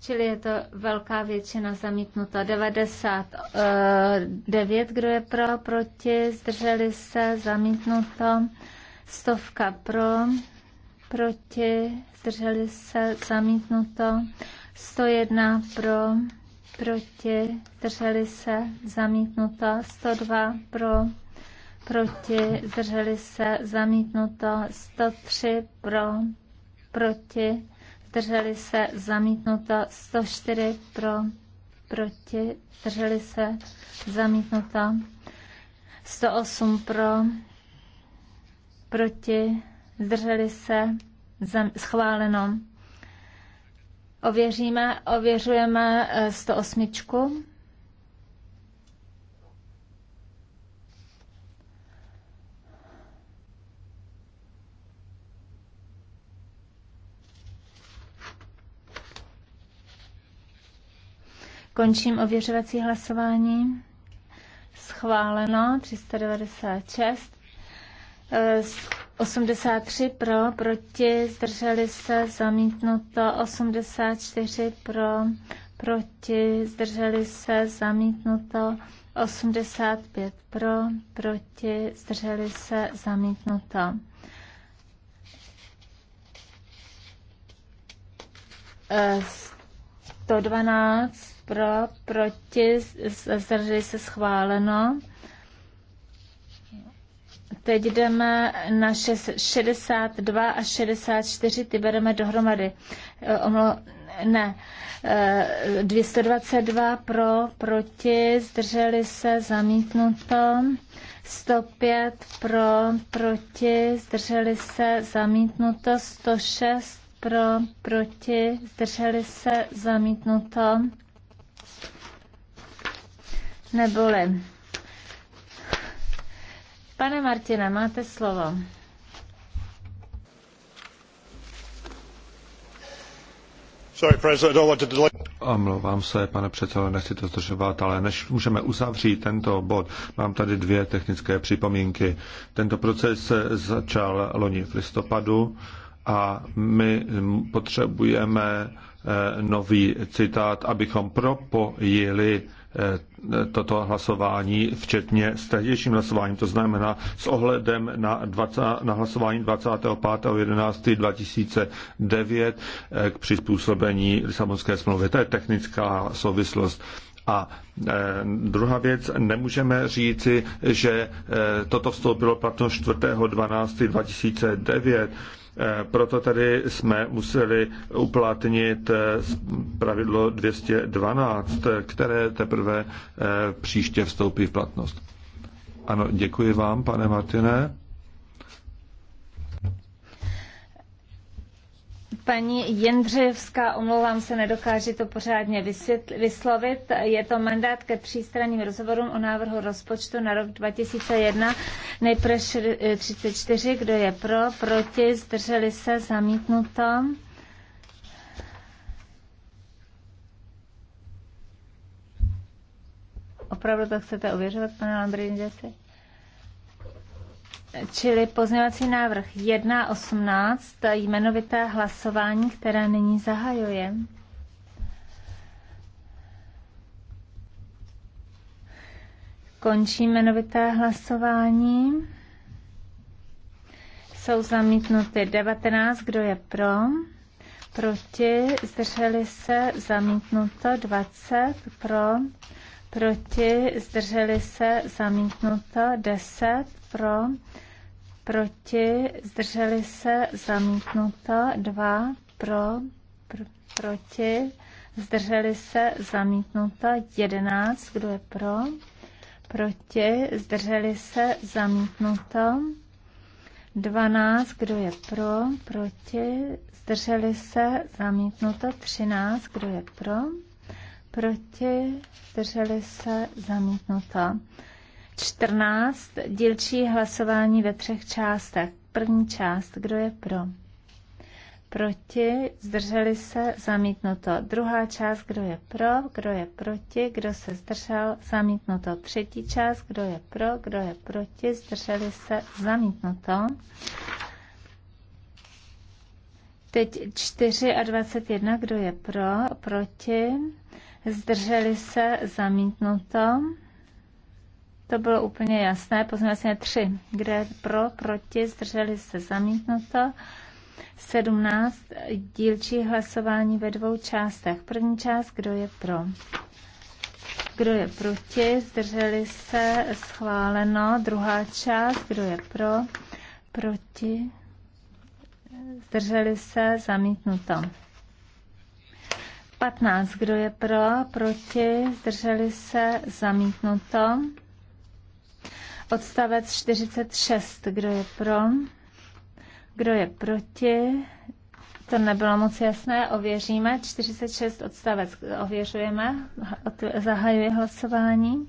Čili je to velká většina zamítnuta. 99, eh, kdo je pro, proti, zdrželi se, zamítnuto. Stovka pro, proti, zdrželi se, zamítnuto. 101 pro, proti, zdrželi se, zamítnuto, 102 pro, proti, zdrželi se, zamítnuto, 103 pro, proti, zdrželi se, zamítnuto, 104 pro, proti, zdrželi se, zamítnuto, 108 pro, proti, zdrželi se, zam, schváleno. Ověříme, ověřujeme 108. Eh, Končím ověřovací hlasování. Schváleno 396. 83 pro, proti, zdrželi se, zamítnuto. 84 pro, proti, zdrželi se, zamítnuto. 85 pro, proti, zdrželi se, zamítnuto. E, eh, 112 pro, proti, zdrželi se schváleno. Teď jdeme na 62 a 64, ty bereme dohromady. E, Omlo, ne, 222 e, pro, proti, zdrželi se, zamítnuto. 105 pro, proti, zdrželi se, zamítnuto. 106 pro, proti, zdrželi se, zamítnuto. Neboli Pane Martina, máte slovo. Omlouvám se, pane předsedo, nechci to zdržovat, ale než můžeme uzavřít tento bod, mám tady dvě technické připomínky. Tento proces se začal loni v listopadu a my potřebujeme eh, nový citát, abychom propojili Eh, toto hlasování, včetně s tehdejším hlasováním, to znamená s ohledem na, 20, na hlasování 25.11.2009 eh, k přizpůsobení Lisabonské smlouvy. To je technická souvislost. A eh, druhá věc, nemůžeme říci, že toto vstoupilo platnost 4.12.2009 Eh, proto tedy jsme museli uplatnit eh, pravidlo 212, eh, které teprve příště vstoupí v platnost. Ano, děkuji vám, pane Martine. paní Jendřejevská, omlouvám se, nedokáže to pořádně vyslovit. Je to mandát ke třístranným rozhovorům o návrhu rozpočtu na rok 2001. Nejprve 34, kdo je pro, proti, zdrželi se, zamítnuto. Opravdu to chcete ověřovat, pane Landrindesi? Čili pozměňovací návrh 1.18, jmenovité hlasování, které nyní zahajuje. Končí jmenovité hlasování. Jsou zamítnuty 19, kdo je pro, proti, zdrželi se, zamítnuto 20, pro, proti, zdrželi se, zamítnuto 10, pro, proti, zdrželi se, zamítnuto, dva pro, pr- proti, zdrželi se, zamítnuto, jedenáct kdo je pro, proti, zdrželi se, zamítnuto, dvanáct, kdo je pro, proti, zdrželi se, zamítnuto, třináct kdo je pro, proti, zdrželi se, zamítnuto. 14, dílčí hlasování ve třech částech. První část, kdo je pro? Proti, zdrželi se, zamítnuto. Druhá část, kdo je pro, kdo je proti, kdo se zdržel, zamítnuto. Třetí část, kdo je pro, kdo je proti, zdrželi se, zamítnuto. Teď 4 a 21, kdo je pro, proti, zdrželi se, zamítnuto. To bylo úplně jasné. Pozměňovací tři. kde pro, proti, zdrželi se zamítnuto. 17 dílčí hlasování ve dvou částech. První část, kdo je pro. Kdo je proti, zdrželi se, schváleno. Druhá část, kdo je pro, proti, zdrželi se, zamítnuto. 15, kdo je pro, proti, zdrželi se, zamítnuto. Odstavec 46. Kdo je pro? Kdo je proti? To nebylo moc jasné. Ověříme. 46 odstavec ověřujeme. Zahajuji hlasování.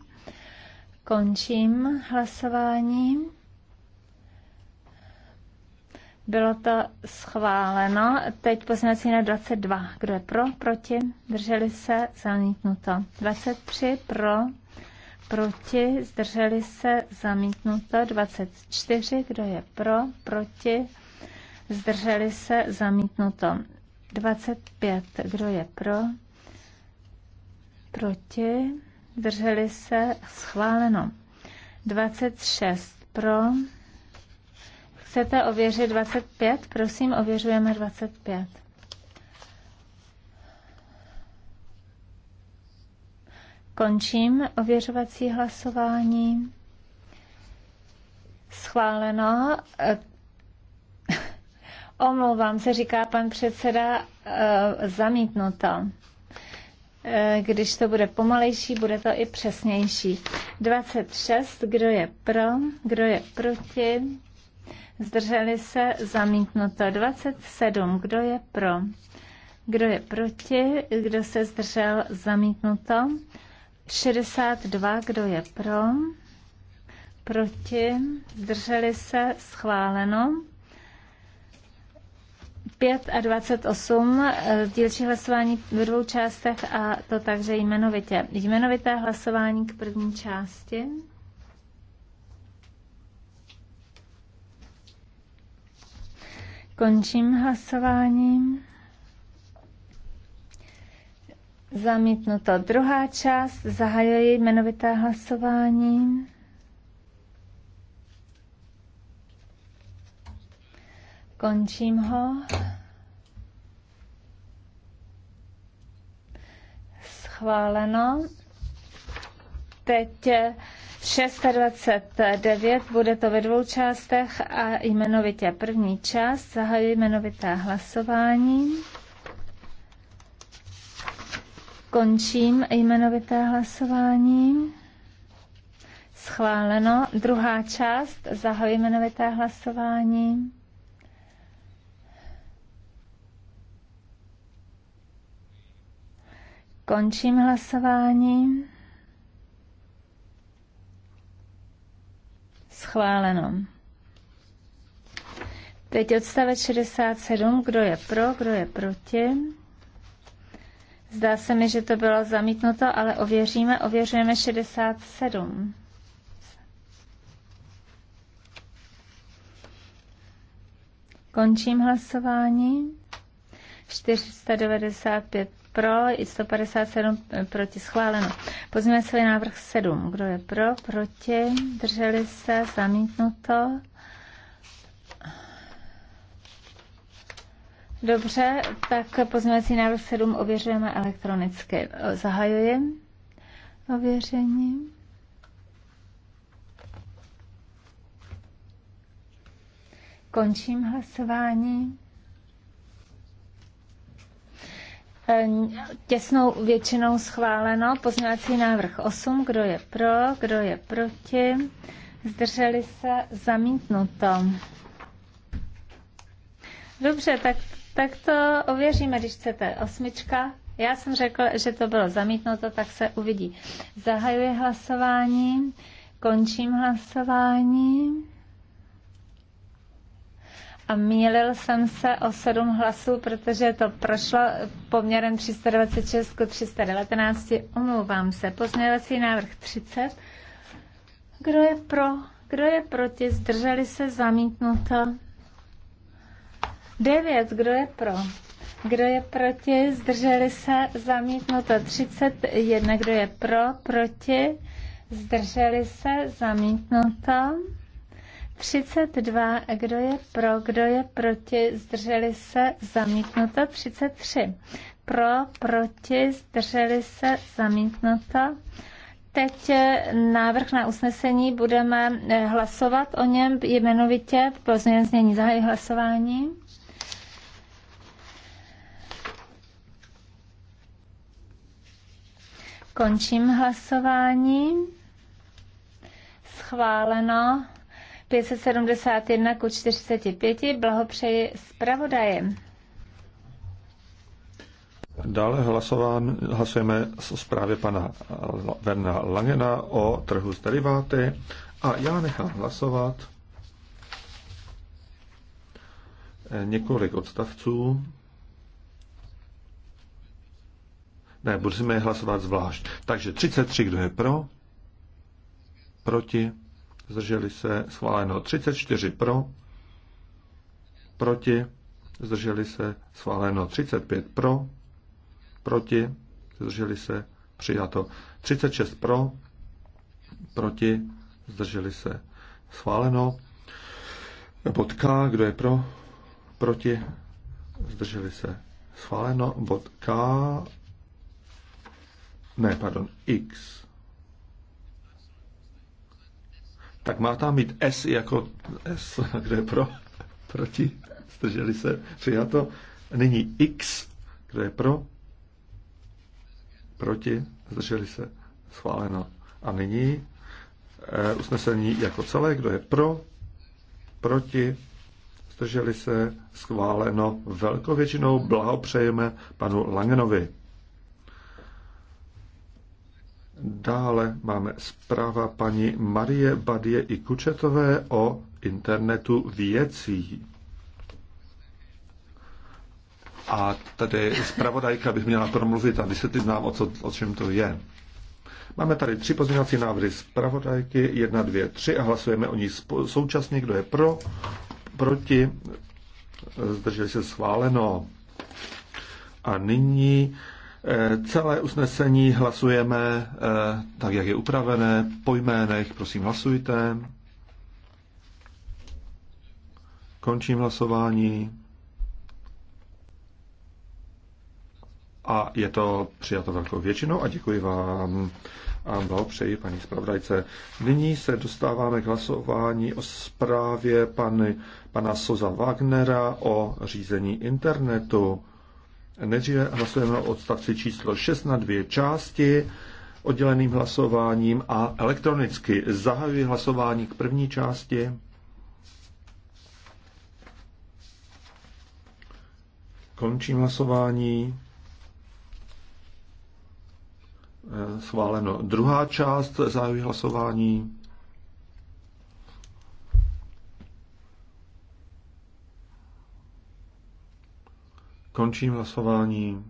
Končím hlasování. Bylo to schváleno. Teď poznací na 22. Kdo je pro, proti? Drželi se, zamítnuto. 23 pro, proti, zdrželi se, zamítnuto 24, kdo je pro, proti, zdrželi se, zamítnuto 25, kdo je pro, proti, zdrželi se, schváleno 26 pro, chcete ověřit 25, prosím, ověřujeme 25. Končím ověřovací hlasování. Schváleno. <laughs> Omlouvám se, říká pan předseda, eh, zamítnuto. Eh, když to bude pomalejší, bude to i přesnější. 26, kdo je pro, kdo je proti, zdrželi se, zamítnuto. 27, kdo je pro, kdo je proti, kdo se zdržel, zamítnuto. 62, kdo je pro, proti, zdrželi se, schváleno. 5 a 28 eh, dílčí hlasování ve dvou částech a to takže jmenovitě. Jmenovité hlasování k první části. Končím hlasováním. Zamítnuto. Druhá část. Zahajuji jmenovité hlasování. Končím ho. Schváleno. Teď 629, bude to ve dvou částech a jmenovitě první část. Zahajuji jmenovité hlasování. Končím jmenovité hlasování. Schváleno. Druhá část. Zahoj jmenovité hlasování. Končím hlasování. Schváleno. Teď odstavec 67. Kdo je pro, kdo je proti? Zdá se mi, že to bylo zamítnuto, ale ověříme. Ověřujeme 67. Končím hlasování. 495 pro, i 157 proti schváleno. Pozměňuje se návrh 7. Kdo je pro, proti, drželi se, zamítnuto. Dobře, tak pozměňovací návrh 7 ověřujeme elektronicky. Zahajuji ověření. Končím hlasování. Ehm, těsnou většinou schváleno. Pozměňovací návrh 8. Kdo je pro, kdo je proti? Zdrželi se zamítnuto. Dobře, tak tak to ověříme, když chcete. Osmička. Já jsem řekl, že to bylo zamítnuto, tak se uvidí. Zahajuji hlasování, končím hlasování. A mílil jsem se o sedm hlasů, protože to prošlo poměrem 326 k 319. Omlouvám se. Pozměňovací návrh 30. Kdo je pro? Kdo je proti? Zdrželi se zamítnuto. 9. Kdo je pro? Kdo je proti? Zdrželi se? Zamítnuto 31. Kdo je pro? Proti? Zdrželi se? Zamítnuto. 32. Kdo je pro? Kdo je proti? Zdrželi se? Zamítnuto. 33. Pro? Proti? Zdrželi se? Zamítnuto. Teď eh, návrh na usnesení. Budeme eh, hlasovat o něm jmenovitě. Pozměněn znění zahájí hlasování. Končím hlasování. Schváleno 571 ku 45. Blahopřeji zpravodaje. Dále hlasován, hlasujeme o zprávě pana Verna Langena o trhu s deriváty a já nechám hlasovat několik odstavců. Ne, budeme je hlasovat zvlášť. Takže 33, kdo je pro? Proti? Zdrželi se? Schváleno. 34 pro? Proti? Zdrželi se? Schváleno. 35 pro? Proti? Zdrželi se? Přijato. 36 pro? Proti? Zdrželi se? Schváleno. Bod K, kdo je pro? Proti? Zdrželi se? Schváleno. Bod K ne, pardon, X, tak má tam mít S jako S, <laughs> kde je pro, proti, zdrželi se, přijato. Nyní X, kde je pro, proti, zdrželi se, schváleno. A nyní e, usnesení jako celé, kdo je pro, proti, zdrželi se, schváleno velkou většinou. Blahopřejeme panu Langenovi. Dále máme zpráva paní Marie Badie i Kučetové o internetu věcí. A tady zpravodajka bych měla promluvit a vysvětlit nám, o, co, o čem to je. Máme tady tři pozměňovací návrhy zpravodajky, jedna, dvě, tři a hlasujeme o ní současně, kdo je pro, proti, zdrželi se schváleno. A nyní Eh, celé usnesení hlasujeme eh, tak, jak je upravené, po jménech, prosím hlasujte. Končím hlasování. A je to přijato velkou většinou a děkuji vám a blahopřeji paní zpravodajce. Nyní se dostáváme k hlasování o zprávě pany, pana Soza Wagnera o řízení internetu. Nejdříve hlasujeme o odstavci číslo 6 na dvě části odděleným hlasováním a elektronicky. Zahajuji hlasování k první části. Končím hlasování. Eh, schváleno. Druhá část zahajuji hlasování. Končím hlasování.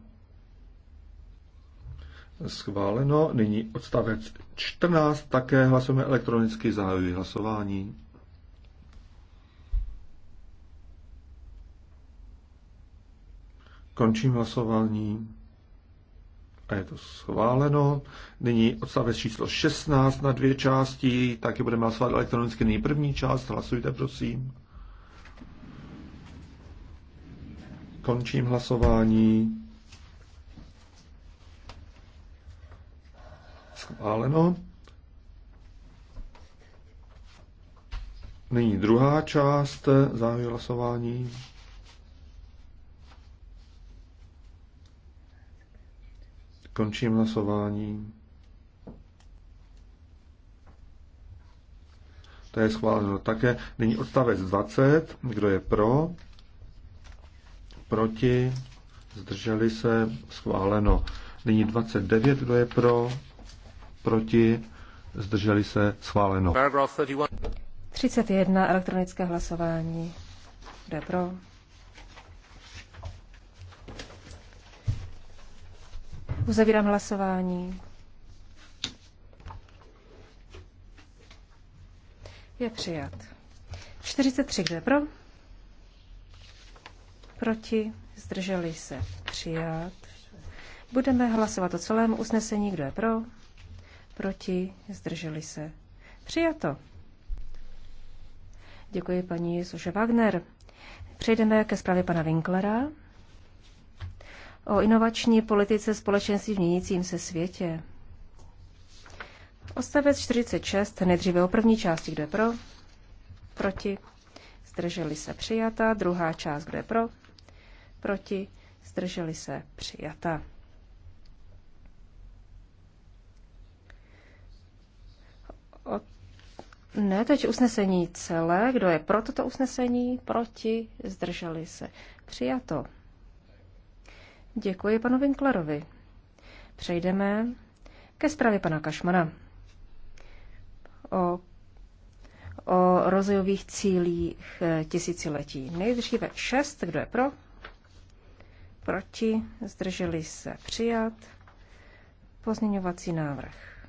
Schváleno. Nyní odstavec 14. Také hlasujeme elektronicky. Zahajuji hlasování. Končím hlasování. A je to schváleno. Nyní odstavec číslo 16 na dvě části. Taky budeme hlasovat elektronicky. Nyní první část. Hlasujte, prosím. Končím hlasování. Schváleno. Nyní druhá část závěr hlasování. Končím hlasování. To je schváleno také. Nyní odstavec 20. Kdo je pro? proti, zdrželi se, schváleno. Nyní 29, kdo je pro, proti, zdrželi se, schváleno. 31, elektronické hlasování. Kdo je pro? Uzavírám hlasování. Je přijat. 43, kdo je pro? proti, zdrželi se, přijat. Budeme hlasovat o celém usnesení, kdo je pro, proti, zdrželi se, přijato. Děkuji paní Suše Wagner. Přejdeme ke zprávě pana Winklera o inovační politice společenství v měnícím se světě. Ostavec 46, nejdříve o první části, kdo je pro, proti, zdrželi se přijata, druhá část, kdo je pro, proti, zdrželi se, přijata. Od... Ne, teď usnesení celé. Kdo je pro toto usnesení? Proti, zdrželi se. Přijato. Děkuji panu Winklerovi. Přejdeme ke zprávě pana Kašmana o, o rozvojových cílích eh, tisíciletí. Nejdříve šest, kdo je pro? proti, zdrželi se přijat. Pozměňovací návrh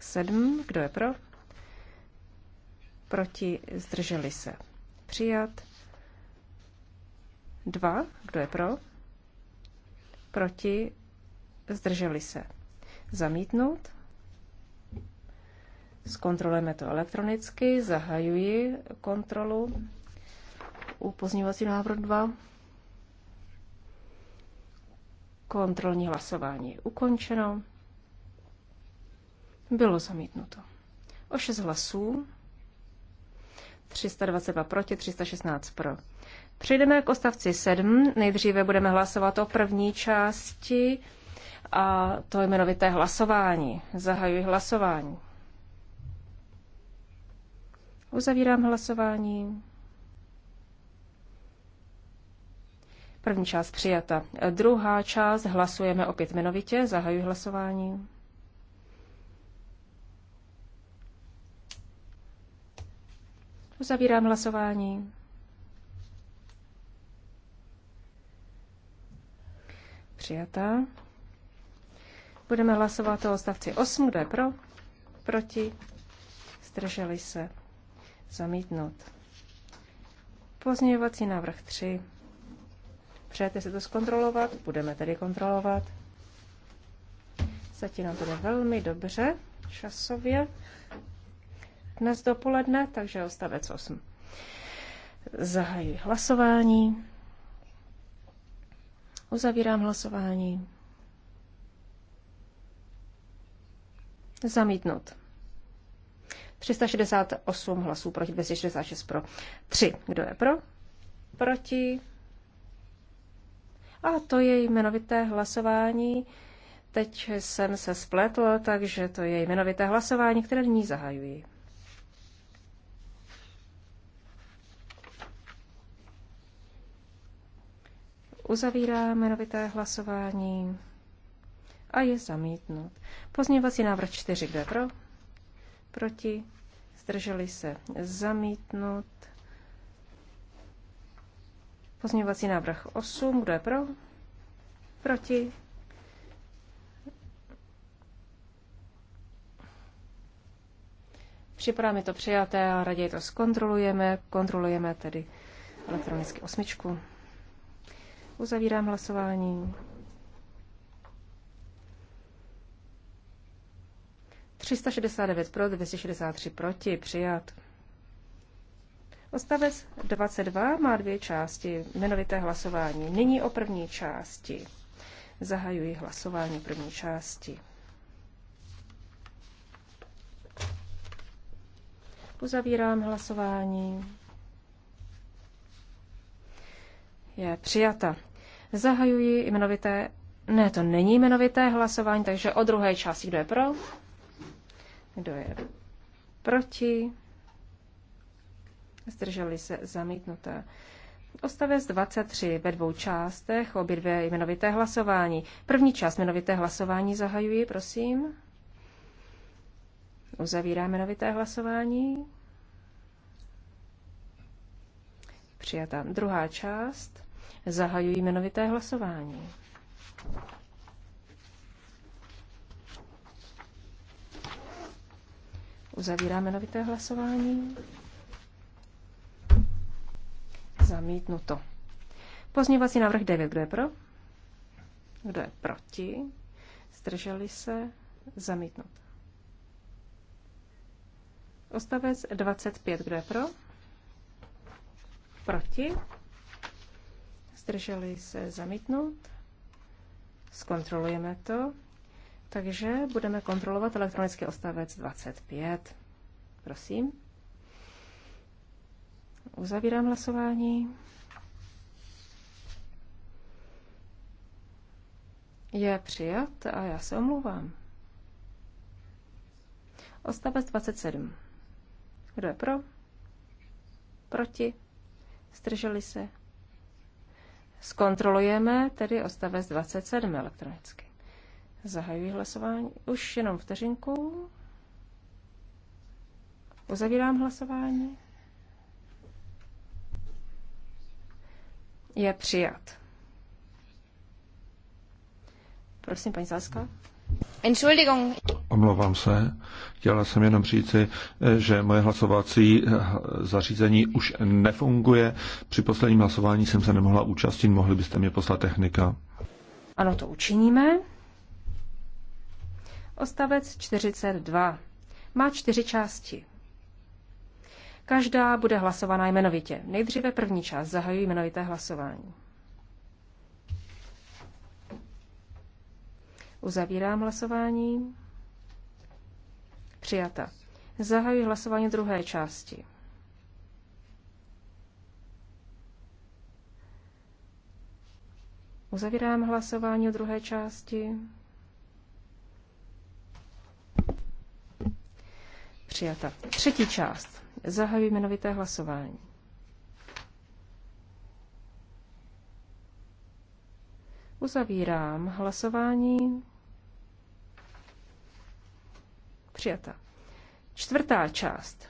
7, kdo je pro, proti, zdrželi se přijat. 2, kdo je pro, proti, zdrželi se zamítnout. Zkontrolujeme to elektronicky, zahajuji kontrolu u pozměňovacího návrhu 2. Kontrolní hlasování je ukončeno. Bylo zamítnuto. O 6 hlasů. 322 proti, 316 pro. Přejdeme k ostavci 7. Nejdříve budeme hlasovat o první části a to jmenovité hlasování. Zahajuji hlasování. Uzavírám hlasování. První část přijata. Druhá část hlasujeme opět jmenovitě. Zahajuji hlasování. Uzavírám hlasování. Přijata. Budeme hlasovat o stavci 8. Kdo je pro? Proti? Zdrželi se. Zamítnout. Pozměňovací návrh 3. Přejete si to zkontrolovat? Budeme tedy kontrolovat. Zatím nám to jde velmi dobře časově dnes dopoledne, takže ostavec 8. Zahajuji hlasování. Uzavírám hlasování. Zamítnut. 368 hlasů proti, 266 pro. 3. Kdo je pro? Proti. A to je jmenovité hlasování. Teď jsem se spletl, takže to je jmenovité hlasování, které nyní zahajuji. Uzavírá jmenovité hlasování a je zamítnut. Pozměňovací návrh 4, kde pro? Proti? Zdrželi se zamítnut. Pozměňovací návrh 8, kdo je pro? Proti? Připadá mi to přijaté a raději to zkontrolujeme. Kontrolujeme tedy elektronicky osmičku. Uzavírám hlasování. 369 pro, 263 proti, přijat. Odstavec 22 má dvě části, jmenovité hlasování. Nyní o první části. Zahajuji hlasování první části. Uzavírám hlasování. Je přijata. Zahajuji jmenovité... Ne, to není jmenovité hlasování, takže o druhé části. Kdo je pro? Kdo je proti? zdrželi se zamítnuté. Ostavec 23 ve dvou částech, obě dvě jmenovité hlasování. První část jmenovité hlasování zahajuji, prosím. Uzavírá jmenovité hlasování. Přijatá. Druhá část. Zahajuji jmenovité hlasování. Uzavíráme jmenovité hlasování. Zamítnuto. Pozměňovací návrh 9. Kdo je pro? Kdo je proti? Zdrželi se? Zamítnut. Ostavec 25. Kdo je pro? Proti? Zdrželi se? Zamítnut. Zkontrolujeme to. Takže budeme kontrolovat elektronický ostavec 25. Prosím. Uzavírám hlasování. Je přijat a já se omlouvám. Ostavec 27. Kdo je pro? Proti? Strželi se? Zkontrolujeme tedy ostavec 27 elektronicky. Zahajuji hlasování. Už jenom vteřinku. Uzavírám hlasování. je přijat. Prosím, paní Záska. Entschuldigung. Omlouvám se. Chtěla jsem jenom říci, že moje hlasovací zařízení už nefunguje. Při posledním hlasování jsem se nemohla účastnit. Mohli byste mě poslat technika? Ano, to učiníme. Ostavec 42 má čtyři části. Každá bude hlasovaná jmenovitě. Nejdříve první část zahajují jmenovité hlasování. Uzavírám hlasování. Přijata. Zahajuji hlasování druhé části. Uzavírám hlasování o druhé části. Přijata. Třetí část. Zahajuji jmenovité hlasování. Uzavírám hlasování. Přijata. Čtvrtá část.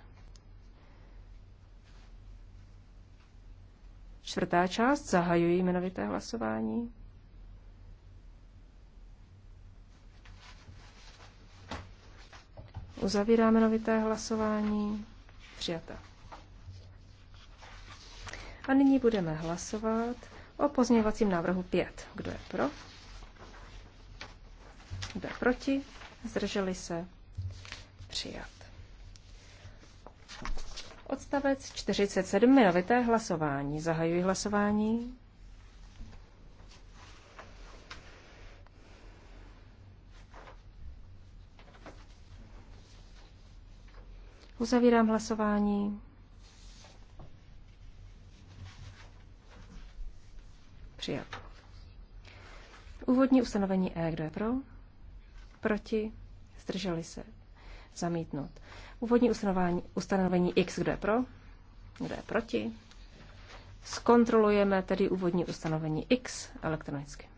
Čtvrtá část. Zahajuji jmenovité hlasování. Uzavíráme novité hlasování. Přijata. A nyní budeme hlasovat o pozměňovacím návrhu 5. Kdo je pro? Kdo je proti? Zdrželi se? Přijat. Odstavec 47. Minovité hlasování. Zahajuji hlasování. Uzavírám hlasování. Přijat. Úvodní ustanovení E. Kdo je pro? Proti? Zdrželi se. Zamítnut. Úvodní ustanovení, ustanovení X. Kdo je pro? Kdo je proti? Zkontrolujeme tedy úvodní ustanovení X elektronicky.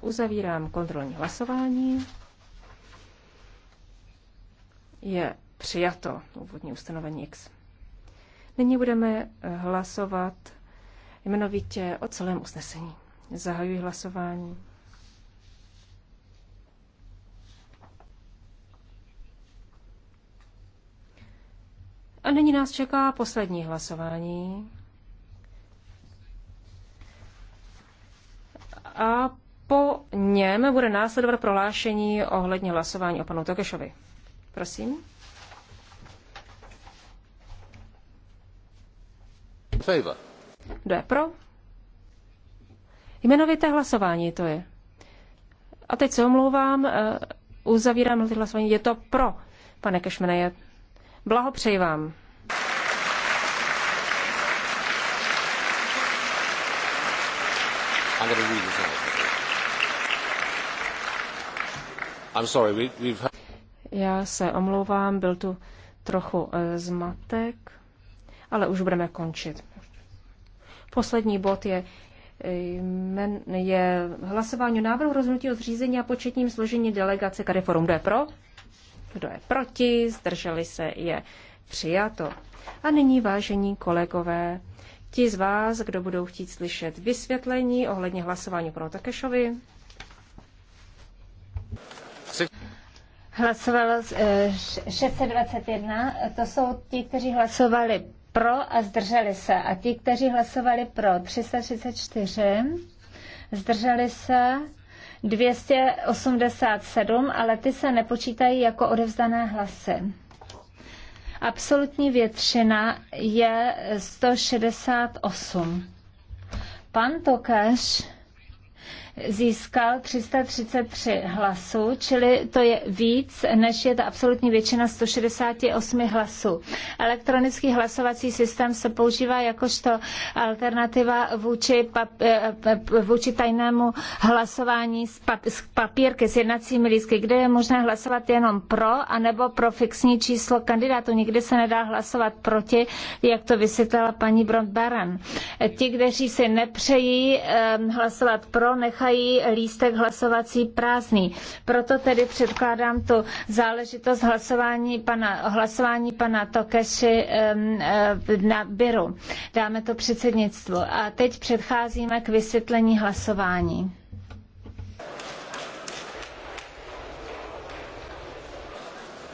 Uzavírám kontrolní hlasování je přijato úvodní ustanovení X. Nyní budeme eh, hlasovat jmenovitě o celém usnesení. Zahajuji hlasování. A nyní nás čeká poslední hlasování. A po něm bude následovat prohlášení ohledně hlasování o panu Tokešovi. Prosím. Favor. Kdo je pro? Jmenovité hlasování to je. A teď se omlouvám, eh, uzavírám hlasování. Je to pro, pane Kešmeneje. Blahopřeji vám. I'm sorry, we, we've... Já se omlouvám, byl tu trochu e, zmatek, ale už budeme končit. Poslední bod je, e, je hlasování o návrhu rozhodnutí o zřízení a početním složení delegace Kariforum. Kdo je pro? Kdo je proti? Zdrželi se je přijato. A nyní, vážení kolegové, ti z vás, kdo budou chtít slyšet vysvětlení ohledně hlasování pro Takešovi, hlasovalo 621, eh, to jsou ti, kteří hlasovali pro a zdrželi se. A ti, kteří hlasovali pro 334, zdrželi se 287, ale ty se nepočítají jako odevzdané hlasy. Absolutní většina je 168. Pan Tokáš získal 333 hlasů, čili to je víc, než je ta absolutní většina 168 hlasů. Elektronický hlasovací systém se používá jakožto alternativa vůči, papi- eh, eh, vůči tajnému hlasování z, pap, z papírky, s jednacími lístky, kde je možné hlasovat jenom pro, anebo pro fixní číslo kandidátu. Nikdy se nedá hlasovat proti, jak to vysvětlila paní Bront Baran. Ti, kteří si nepřejí eh, hlasovat pro, nechají nechají lístek hlasovací prázdný. Proto tedy předkládám tu záležitost hlasování pana, hlasování pana Tokeši na Biru. Dáme to předsednictvu. A teď předcházíme k vysvětlení hlasování.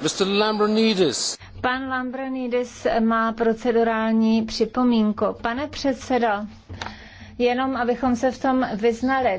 Mr. Lambronidis. Pan Lambronidis má procedurální připomínku. Pane předsedo, jenom abychom se v tom vyznali.